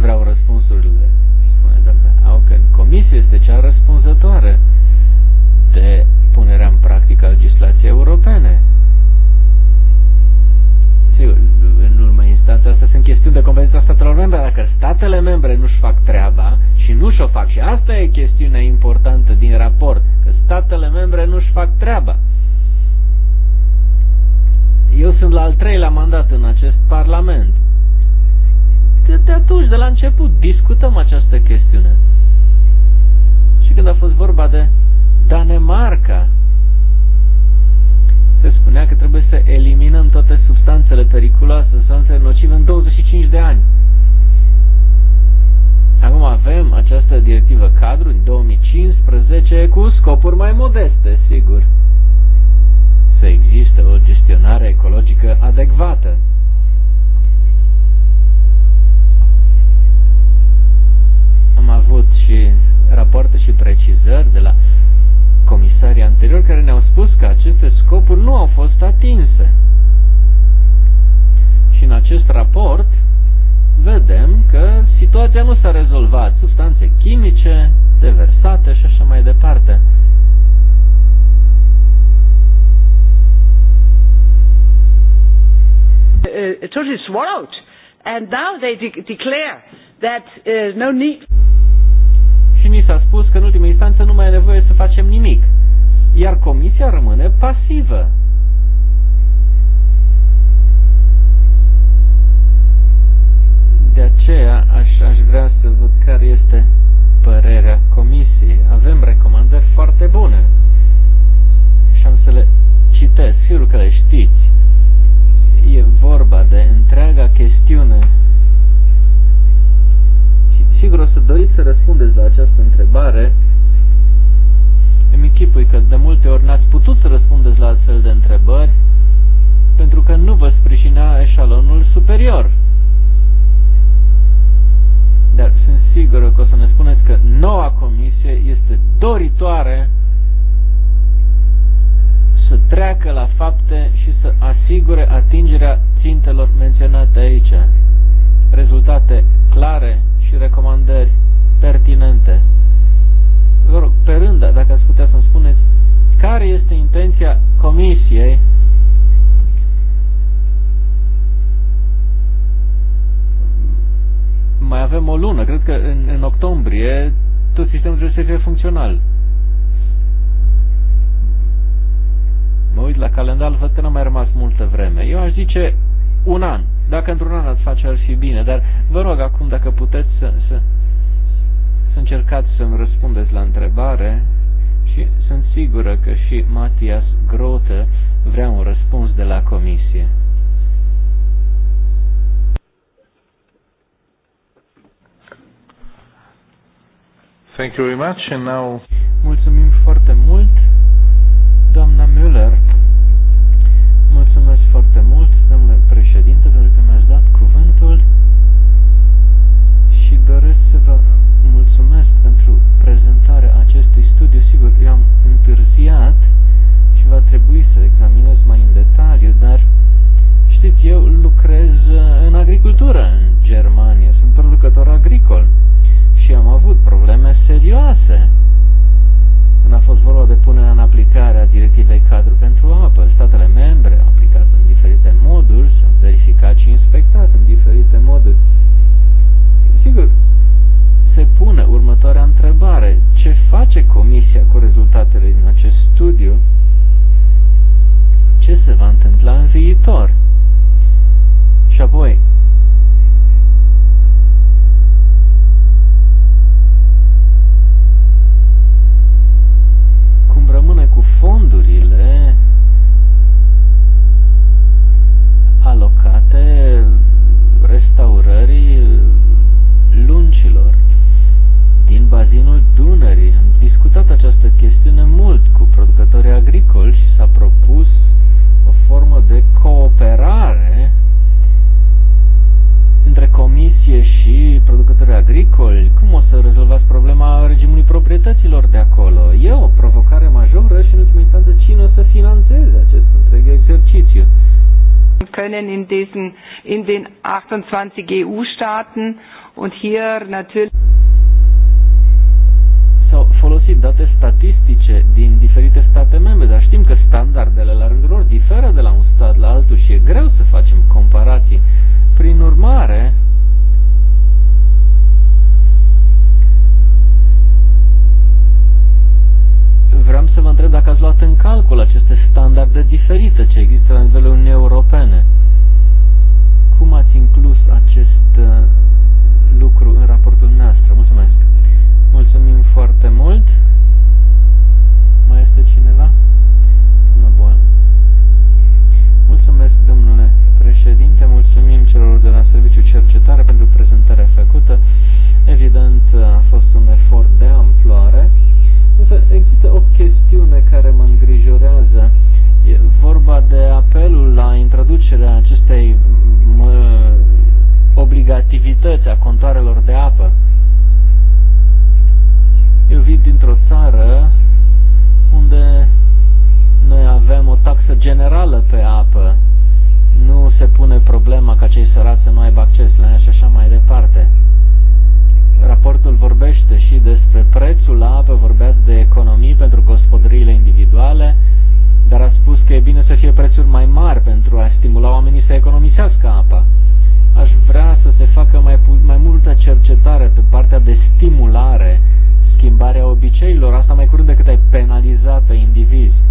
vreau răspunsurile, spune au că Comisia este cea răspunzătoare de punerea în practică a legislației europene. Sigur, în urmă instanță, asta sunt chestiuni de competența statelor membre. Dacă statele membre nu-și fac treaba și nu-și o fac, și asta e chestiunea importantă din raport, că statele membre nu-și fac treaba. Eu sunt la al treilea mandat în acest parlament de atunci, de la început, discutăm această chestiune. Și când a fost vorba de Danemarca, se spunea că trebuie să eliminăm toate substanțele periculoase, substanțele nocive în 25 de ani. Acum avem această directivă cadru în 2015 cu scopuri mai modeste, sigur. Să existe o gestionare ecologică adecvată. Am avut și rapoarte și precizări de la comisarii anterior care ne-au spus că aceste scopuri nu au fost atinse. Și în acest raport vedem că situația nu s-a rezolvat. Substanțe chimice, deversate și așa mai departe. Uh, totally uh, swallowed and now they de declare that uh, no need. Și ni s-a spus că în ultima instanță nu mai e nevoie să facem nimic, iar comisia rămâne pasivă. De aceea aș, aș vrea să văd care este părerea comisiei. Avem recomandări foarte bune și am să le citesc, că le știți e vorba de întreaga chestiune. Și sigur o să doriți să răspundeți la această întrebare. Îmi închipui că de multe ori n-ați putut să răspundeți la astfel de întrebări pentru că nu vă sprijinea eșalonul superior. Dar sunt sigură că o să ne spuneți că noua comisie este doritoare să treacă la fapte și să asigure atingerea țintelor menționate aici. Rezultate clare și recomandări pertinente. Vă rog, pe rând, dacă ați putea să-mi spuneți, care este intenția Comisiei mai avem o lună, cred că în, în octombrie tot sistemul trebuie să fie funcțional. uit la calendar, văd că n-a mai rămas multă vreme. Eu aș zice un an. Dacă într-un an ați face, ar fi bine, dar vă rog acum, dacă puteți să, să, să încercați să-mi răspundeți la întrebare și sunt sigură că și Matias Grote vrea un răspuns de la comisie. Thank you very much and now Mulțumim foarte mult doamna Müller foarte mult, domnule președinte, pentru că mi-ați dat cuvântul și doresc să vă mulțumesc pentru prezentarea acestui studiu. Sigur, eu am întârziat și va trebui să examinez mai în detaliu, dar știți, eu lucrez în agricultură în Germania, sunt producător agricol și am avut probleme serioase când a fost vorba de punerea în aplicare a directivei cadru pentru apă. Statele membre au aplicat în diferite moduri, s-au verificat și inspectat în diferite moduri. Sigur, se pune următoarea întrebare. Ce face Comisia cu rezultatele din acest studiu? Ce se va întâmpla în viitor? Și apoi, vom rămâne cu fondurile alocate restaurării luncilor din bazinul Dunării. Am discutat această chestiune mult cu producătorii agricoli și s-a propus o formă de cooperare între comisie și producători agricoli? Cum o să rezolvați problema regimului proprietăților de acolo? E o provocare majoră și în ultima instanță cine o să financeze acest întreg exercițiu? können in diesen in den 28 EU-Staaten und hier natürlich s-au folosit date statistice din diferite state membre, dar știm că standardele la rândul lor diferă de la un stat la altul și e greu să facem comparații. Prin urmare, vreau să vă întreb dacă ați luat în calcul aceste standarde diferite ce există la nivelul Uniunii Europene. Cum ați inclus acest uh, lucru în raportul noastră? Mulțumesc! Mulțumim foarte mult! Mai este cineva? Mă bun! Mulțumesc, domnule președinte, mulțumim celor de la Serviciu Cercetare pentru prezentarea făcută. Evident, a fost un efort de amploare, însă există o chestiune care mă îngrijorează. E vorba de apelul la introducerea acestei obligativități a contoarelor de apă. Eu vin dintr-o țară unde noi avem o taxă generală pe apă. Nu se pune problema ca cei sărați să nu aibă acces la ea și așa mai departe. Raportul vorbește și despre prețul la apă, vorbeați de economii pentru gospodăriile individuale, dar a spus că e bine să fie prețuri mai mari pentru a stimula oamenii să economisească apa. Aș vrea să se facă mai, mai multă cercetare pe partea de stimulare, schimbarea obiceiilor, asta mai curând decât ai penaliza pe indivizi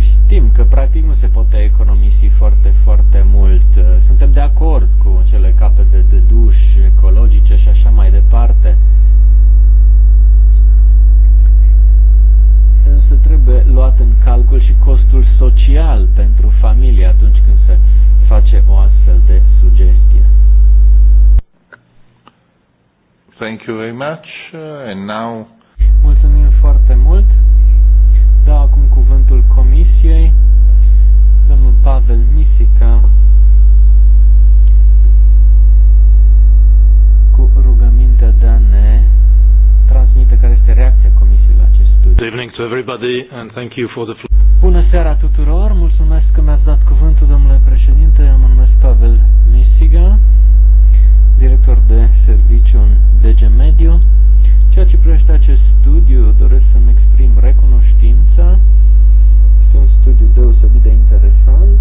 știm că practic nu se poate economisi foarte, foarte mult. Suntem de acord cu cele capete de duș ecologice și așa mai departe. Însă trebuie luat în calcul și costul social pentru familie atunci când se face o astfel de sugestie. Thank you very much uh, and now Mulțumim foarte mult da acum cuvântul comisiei, domnul Pavel Misica, cu rugămintea de a ne transmite care este reacția comisiei la acest studiu. Good evening to everybody and thank you for the Bună seara tuturor, mulțumesc că mi-ați dat cuvântul, domnule președinte, mă numesc Pavel Misiga, director de serviciu în DG Mediu ceea ce privește acest studiu, doresc să-mi exprim recunoștința. Este un studiu deosebit de interesant,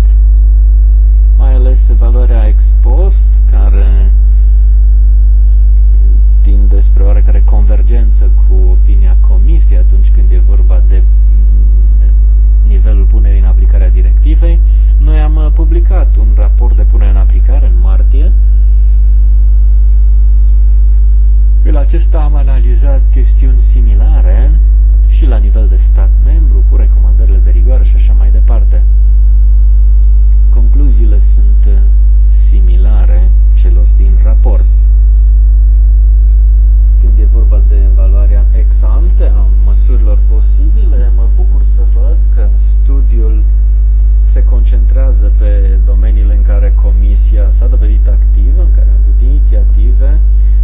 mai ales valoarea ex post, care tinde despre oarecare convergență cu opinia comisiei atunci când e vorba de nivelul punerii în aplicare a directivei. Noi am publicat un raport de punere în aplicare în martie, în acesta am analizat chestiuni similare și la nivel de stat membru, cu recomandările de rigoare și așa mai departe. Concluziile sunt uh, similare celor din raport. Când e vorba de evaluarea ex ante a măsurilor posibile, mă bucur să văd că studiul se concentrează pe domeniile în care comisia s-a dovedit activă, în care a avut inițiative,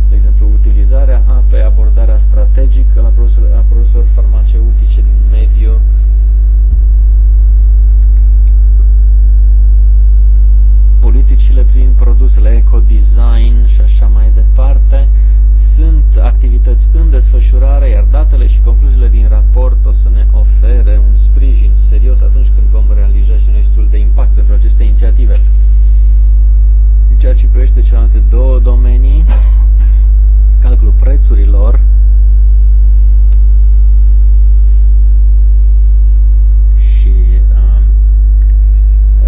de exemplu, utilizarea apei, abordarea strategică la produselor, a produselor farmaceutice din mediu, politicile prin produsele ecodesign și așa mai departe, sunt activități în desfășurare, iar datele și concluziile din raport o să ne ofere un sprijin serios atunci când vom realiza și noi de impact pentru aceste inițiative. În ceea ce privește celelalte două domenii, calculul prețurilor și um,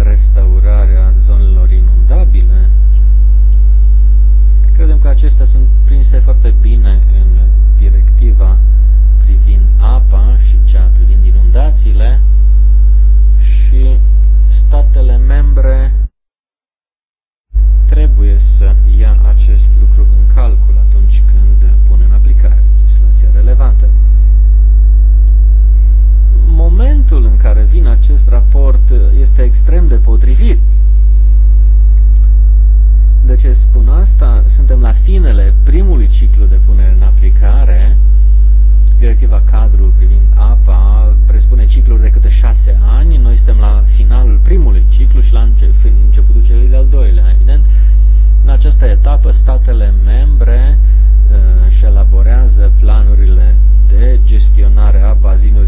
restaurarea zonelor inundabile, credem că acestea sunt foarte bine în directiva privind și cea privind și statele membre trebuie să ia acest lucru în calcul atunci când pune în aplicare legislația relevantă. Momentul în care vin acest raport este extrem de potrivit. De ce spun asta? Suntem la finele primului ciclu de punere în aplicare Directiva cadru privind apa presupune cicluri de câte șase ani. Noi suntem la finalul primului ciclu și la înce începutul celui de-al doilea. Evident, în această etapă, statele membre uh, își elaborează planurile de gestionare a bazinului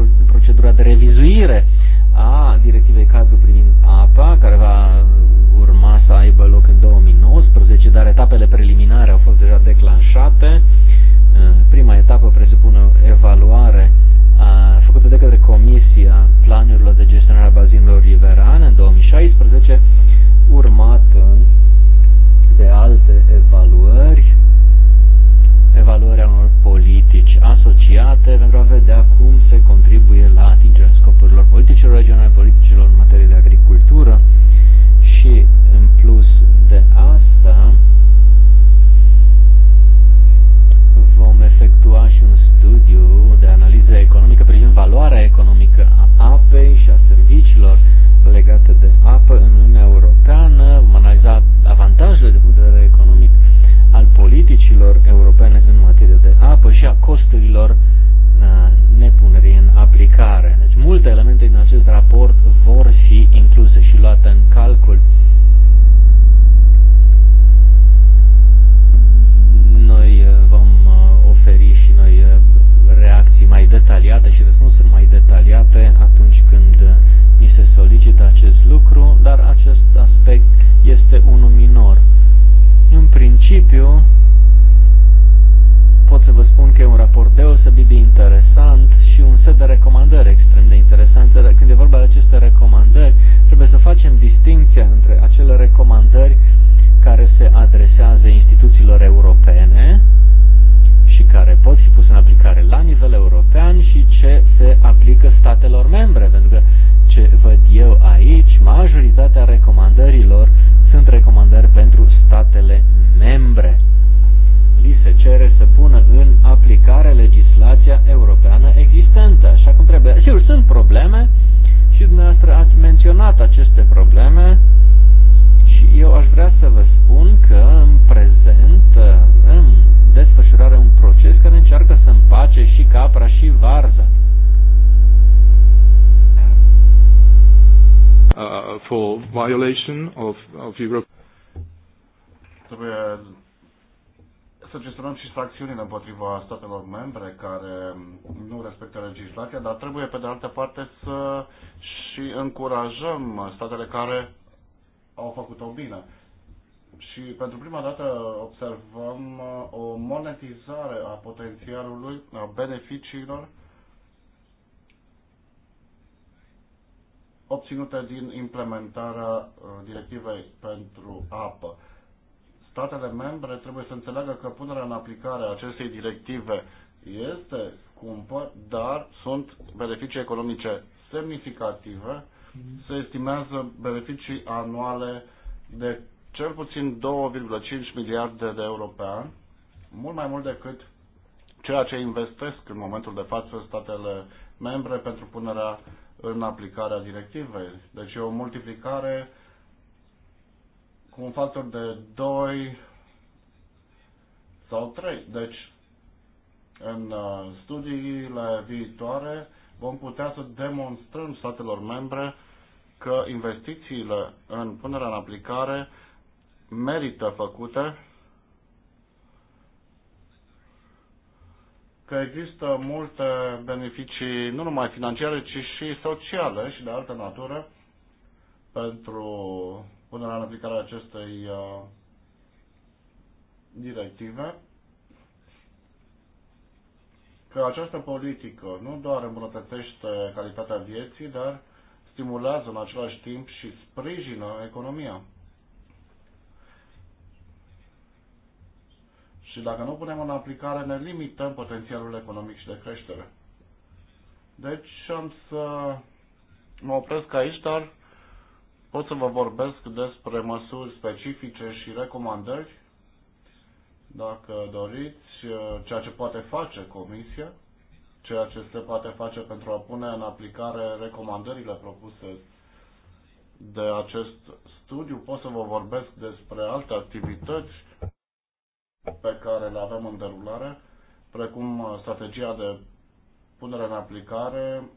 lucruri și sancțiunile împotriva statelor membre care nu respectă legislația, dar trebuie pe de altă parte să și încurajăm statele care au făcut-o bine. Și pentru prima dată observăm uh, o monetizare a potențialului, a beneficiilor obținute din implementarea uh, directivei pentru apă statele membre trebuie să înțeleagă că punerea în aplicare a acestei directive este scumpă, dar sunt beneficii economice semnificative. Se estimează beneficii anuale de cel puțin 2,5 miliarde de euro pe an, mult mai mult decât ceea ce investesc în momentul de față statele membre pentru punerea în aplicare a directivei. Deci e o multiplicare cu un factor de 2 sau 3. Deci, în uh, studiile viitoare vom putea să demonstrăm statelor membre că investițiile în punerea în aplicare merită făcute, că există multe beneficii, nu numai financiare, ci și sociale și de altă natură pentru până la aplicarea acestei uh, directive, că această politică nu doar îmbunătățește calitatea vieții, dar stimulează în același timp și sprijină economia. Și dacă nu punem în aplicare, ne limităm potențialul economic și de creștere. Deci am să mă opresc aici, dar Pot să vă vorbesc despre măsuri specifice și recomandări, dacă doriți, ceea ce poate face Comisia, ceea ce se poate face pentru a pune în aplicare recomandările propuse de acest studiu. Pot să vă vorbesc despre alte activități pe care le avem în derulare, precum strategia de punere în aplicare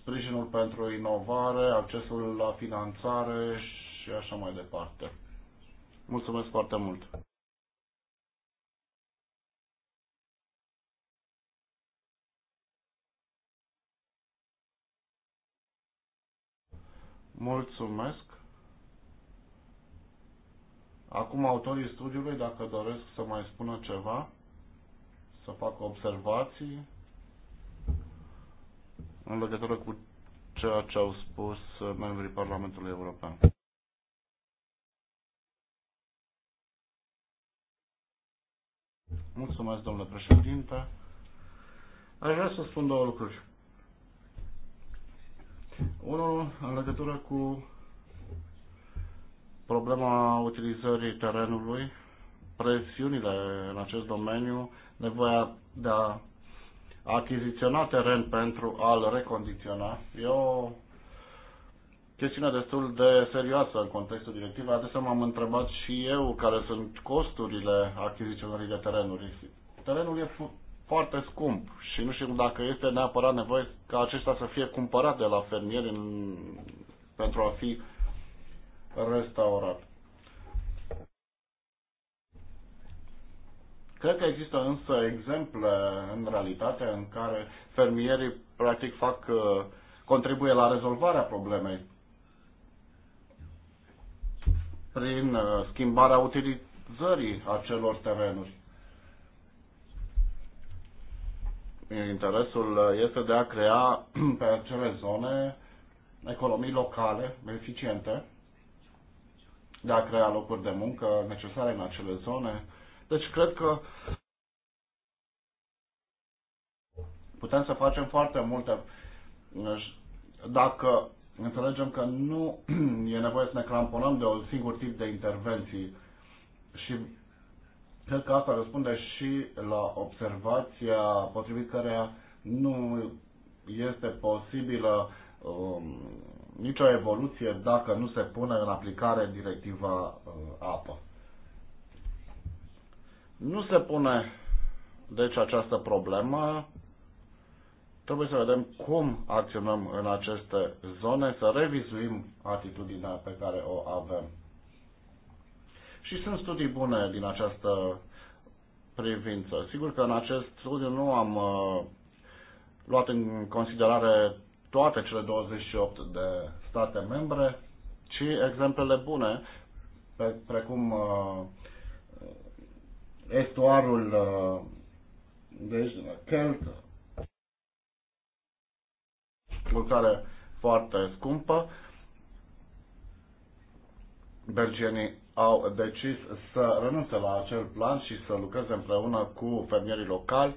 sprijinul pentru inovare, accesul la finanțare și așa mai departe. Mulțumesc foarte mult! Mulțumesc! Acum autorii studiului, dacă doresc să mai spună ceva, să facă observații, în legătură cu ceea ce au spus membrii Parlamentului European. Mulțumesc, domnule președinte. Aș vrea să spun două lucruri. Unul, în legătură cu problema utilizării terenului, presiunile în acest domeniu, nevoia de a achiziționa teren pentru a-l recondiționa e o chestiune destul de serioasă în contextul directiv. Adesea m-am întrebat și eu care sunt costurile achiziționării de terenuri. Terenul e foarte scump și nu știu dacă este neapărat nevoie ca acesta să fie cumpărat de la fermieri în, pentru a fi restaurat. Cred că există însă exemple în realitate în care fermierii practic fac, uh, contribuie la rezolvarea problemei prin uh, schimbarea utilizării acelor terenuri. Interesul uh, este de a crea pe acele zone economii locale eficiente, de a crea locuri de muncă necesare în acele zone, deci cred că putem să facem foarte multe deci, dacă înțelegem că nu e nevoie să ne cramponăm de un singur tip de intervenții și cred că asta răspunde și la observația potrivit care nu este posibilă um, nicio evoluție dacă nu se pune în aplicare directiva uh, apă. Nu se pune deci această problemă. Trebuie să vedem cum acționăm în aceste zone, să revizuim atitudinea pe care o avem. Și sunt studii bune din această privință. Sigur că în acest studiu nu am uh, luat în considerare toate cele 28 de state membre, ci exemplele bune, precum uh, estuarul uh, deci, Kelt o țară foarte scumpă. Belgienii au decis să renunțe la acel plan și să lucreze împreună cu fermierii locali.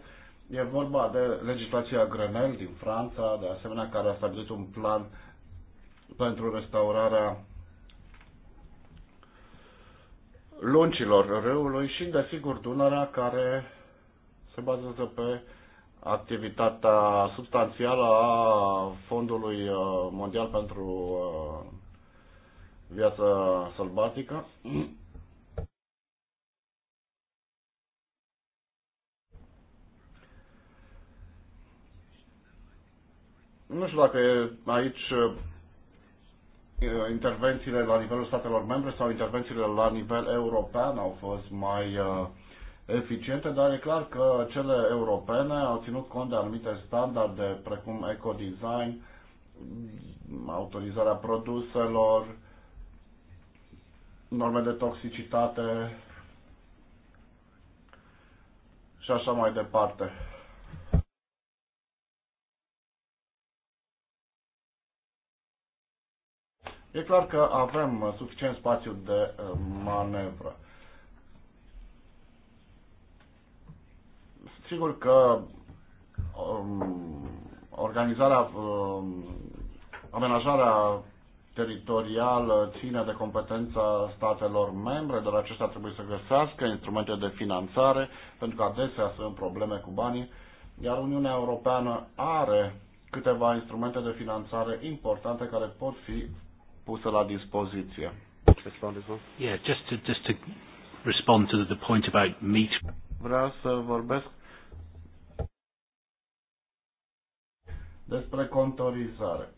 E vorba de legislația Grenelle din Franța, de asemenea, care a stabilit un plan pentru restaurarea luncilor râului și, desigur, Dunărea, care se bazează pe activitatea substanțială a Fondului uh, Mondial pentru uh, Viața Sălbatică. Nu știu dacă e aici uh, Eh, intervențiile la nivelul statelor membre sau intervențiile la nivel european au fost mai eh, eficiente, dar e clar că cele europene au ținut cont de anumite standarde precum ecodesign, autorizarea produselor, norme de toxicitate și așa mai departe. E clar că avem uh, suficient spațiu de uh, manevră. Sigur că um, organizarea, um, amenajarea teritorială ține de competența statelor membre, dar acestea trebuie să găsească instrumente de finanțare, pentru că adesea sunt probleme cu banii, iar Uniunea Europeană are câteva instrumente de finanțare importante care pot fi pusă la dispoziție. Yeah, just to, just to respond to the point about meat. Vreau să vorbesc despre contorizare.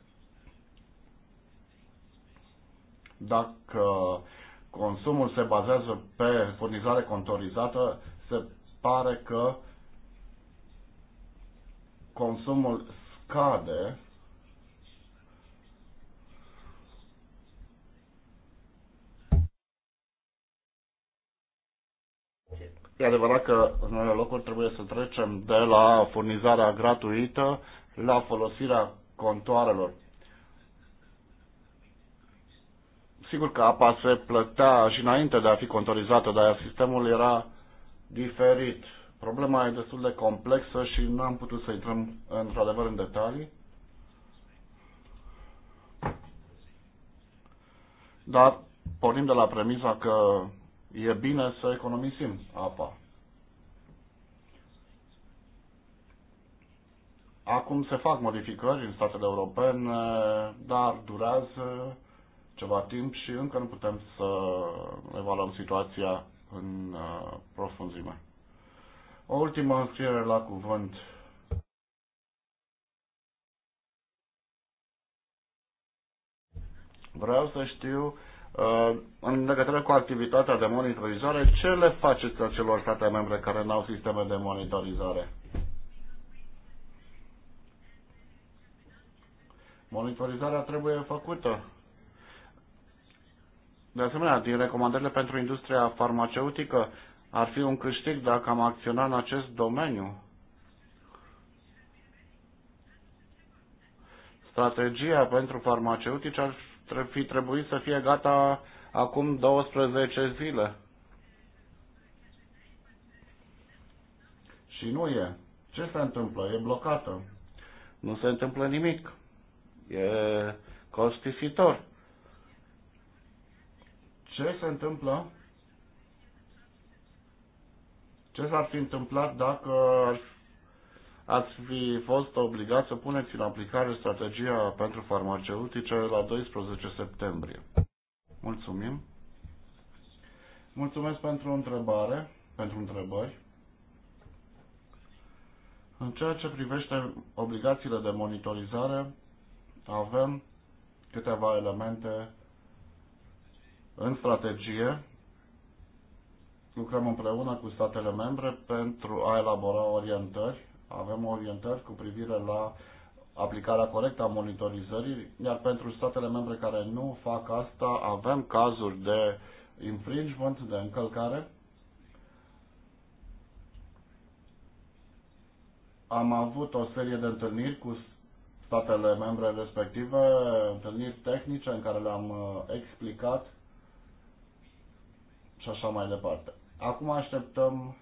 Dacă consumul se bazează pe furnizare contorizată, se pare că consumul scade E adevărat că în unele locuri trebuie să trecem de la furnizarea gratuită la folosirea contoarelor. Sigur că apa se plătea și înainte de a fi contorizată, dar sistemul era diferit. Problema e destul de complexă și nu am putut să intrăm într-adevăr în detalii. Dar pornim de la premisa că e bine să economisim apa. Acum se fac modificări în statele europene, dar durează ceva timp și încă nu putem să evaluăm situația în uh, profunzime. O ultimă înscriere la cuvânt. Vreau să știu Uh, în legătură cu activitatea de monitorizare, ce le faceți acelor state membre care nu au sisteme de monitorizare? Monitorizarea trebuie făcută. De asemenea, din recomandările pentru industria farmaceutică, ar fi un câștig dacă am acționat în acest domeniu. Strategia pentru farmaceutici ar fi trebuit să fie gata acum 12 zile. Și nu e. Ce se întâmplă? E blocată. Nu se întâmplă nimic. E costisitor. Ce se întâmplă? Ce s-ar fi întâmplat dacă ar ați fi fost obligați să puneți în aplicare strategia pentru farmaceutice la 12 septembrie. Mulțumim. Mulțumesc pentru întrebare, pentru întrebări. În ceea ce privește obligațiile de monitorizare, avem câteva elemente în strategie. Lucrăm împreună cu statele membre pentru a elabora orientări avem orientări cu privire la aplicarea corectă a monitorizării, iar pentru statele membre care nu fac asta, avem cazuri de infringement, de încălcare. Am avut o serie de întâlniri cu statele membre respective, întâlniri tehnice în care le-am uh, explicat și așa mai departe. Acum așteptăm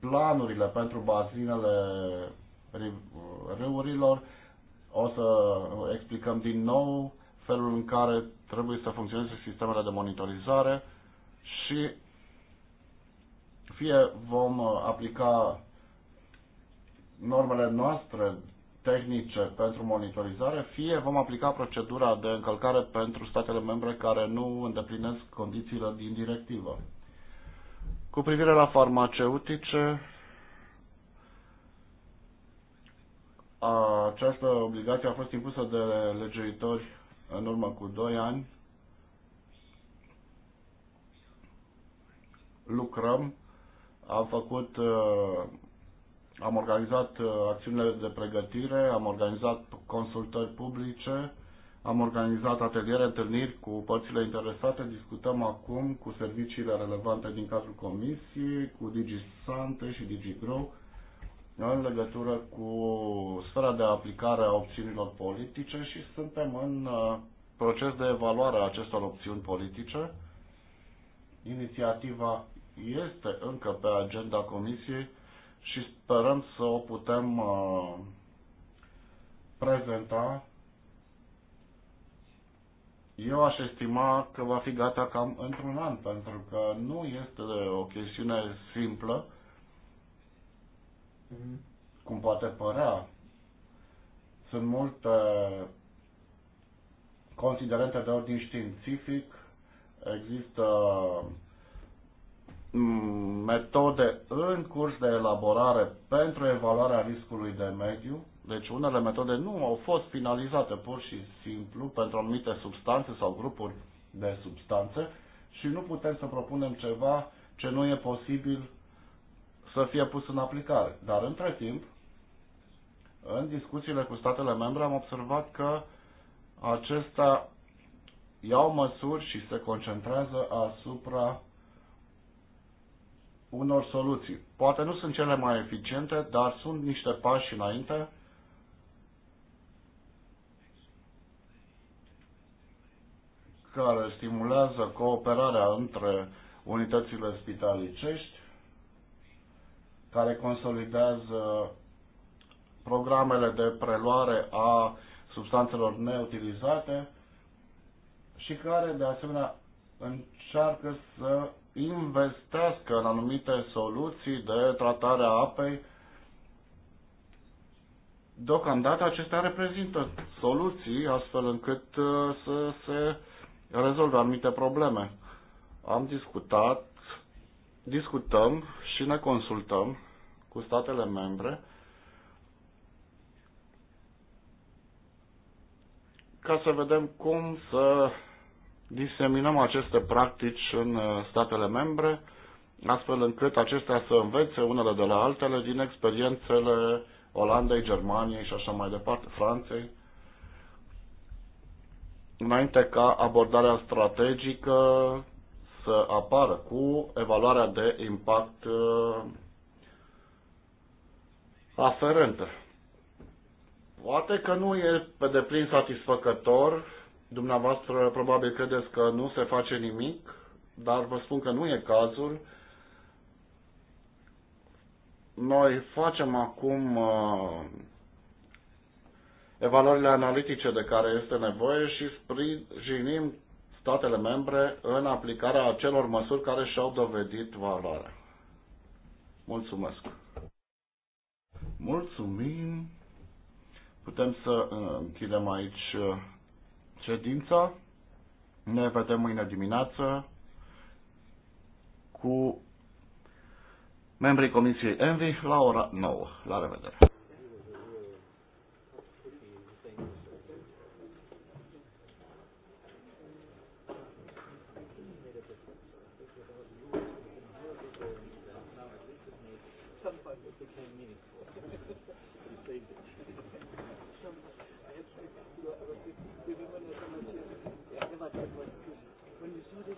planurile pentru bazinele râurilor. O să explicăm din nou felul în care trebuie să funcționeze sistemele de monitorizare și fie vom aplica normele noastre tehnice pentru monitorizare, fie vom aplica procedura de încălcare pentru statele membre care nu îndeplinesc condițiile din directivă. Cu privire la farmaceutice, această obligație a fost impusă de legiuitori în urmă cu 2 ani. Lucrăm, am făcut, am organizat acțiunile de pregătire, am organizat consultări publice, am organizat ateliere, întâlniri cu părțile interesate. Discutăm acum cu serviciile relevante din cadrul comisiei, cu DigiSante și DigiGrow, în legătură cu sfera de aplicare a opțiunilor politice și suntem în uh, proces de evaluare a acestor opțiuni politice. Inițiativa este încă pe agenda comisiei și sperăm să o putem uh, prezenta eu aș estima că va fi gata cam într-un an, pentru că nu este o chestiune simplă, cum poate părea. Sunt multe considerente de ordin științific, există mm, metode în curs de elaborare pentru evaluarea riscului de mediu, deci unele metode nu au fost finalizate pur și simplu pentru anumite substanțe sau grupuri de substanțe și nu putem să propunem ceva ce nu e posibil să fie pus în aplicare. Dar între timp, în discuțiile cu statele membre am observat că acestea iau măsuri și se concentrează asupra unor soluții. Poate nu sunt cele mai eficiente, dar sunt niște pași înainte care stimulează cooperarea între unitățile spitalicești, care consolidează programele de preluare a substanțelor neutilizate și care, de asemenea, încearcă să investească în anumite soluții de tratare a apei. Deocamdată acestea reprezintă soluții astfel încât uh, să se rezolvă anumite probleme. Am discutat, discutăm și ne consultăm cu statele membre ca să vedem cum să diseminăm aceste practici în uh, statele membre, astfel încât acestea să învețe unele de la altele din experiențele Olandei, Germaniei și așa mai departe, Franței înainte ca abordarea strategică să apară cu evaluarea de impact uh, aferentă. Poate că nu e pe deplin satisfăcător, dumneavoastră probabil credeți că nu se face nimic, dar vă spun că nu e cazul. Noi facem acum uh, evaluările analitice de care este nevoie și sprijinim statele membre în aplicarea acelor măsuri care și-au dovedit valoarea. Mulțumesc! Mulțumim! Putem să uh, închidem aici uh, ședința. Ne vedem mâine dimineață cu membrii Comisiei Envi la ora 9. La revedere!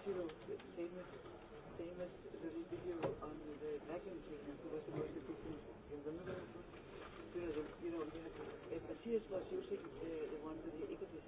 hero, famous, famous religious hero on the, the vacuum cleaner who was supposed to put in the middle of the, you know, the, the, the, the, the, the, the, the, the, the one with the egotism.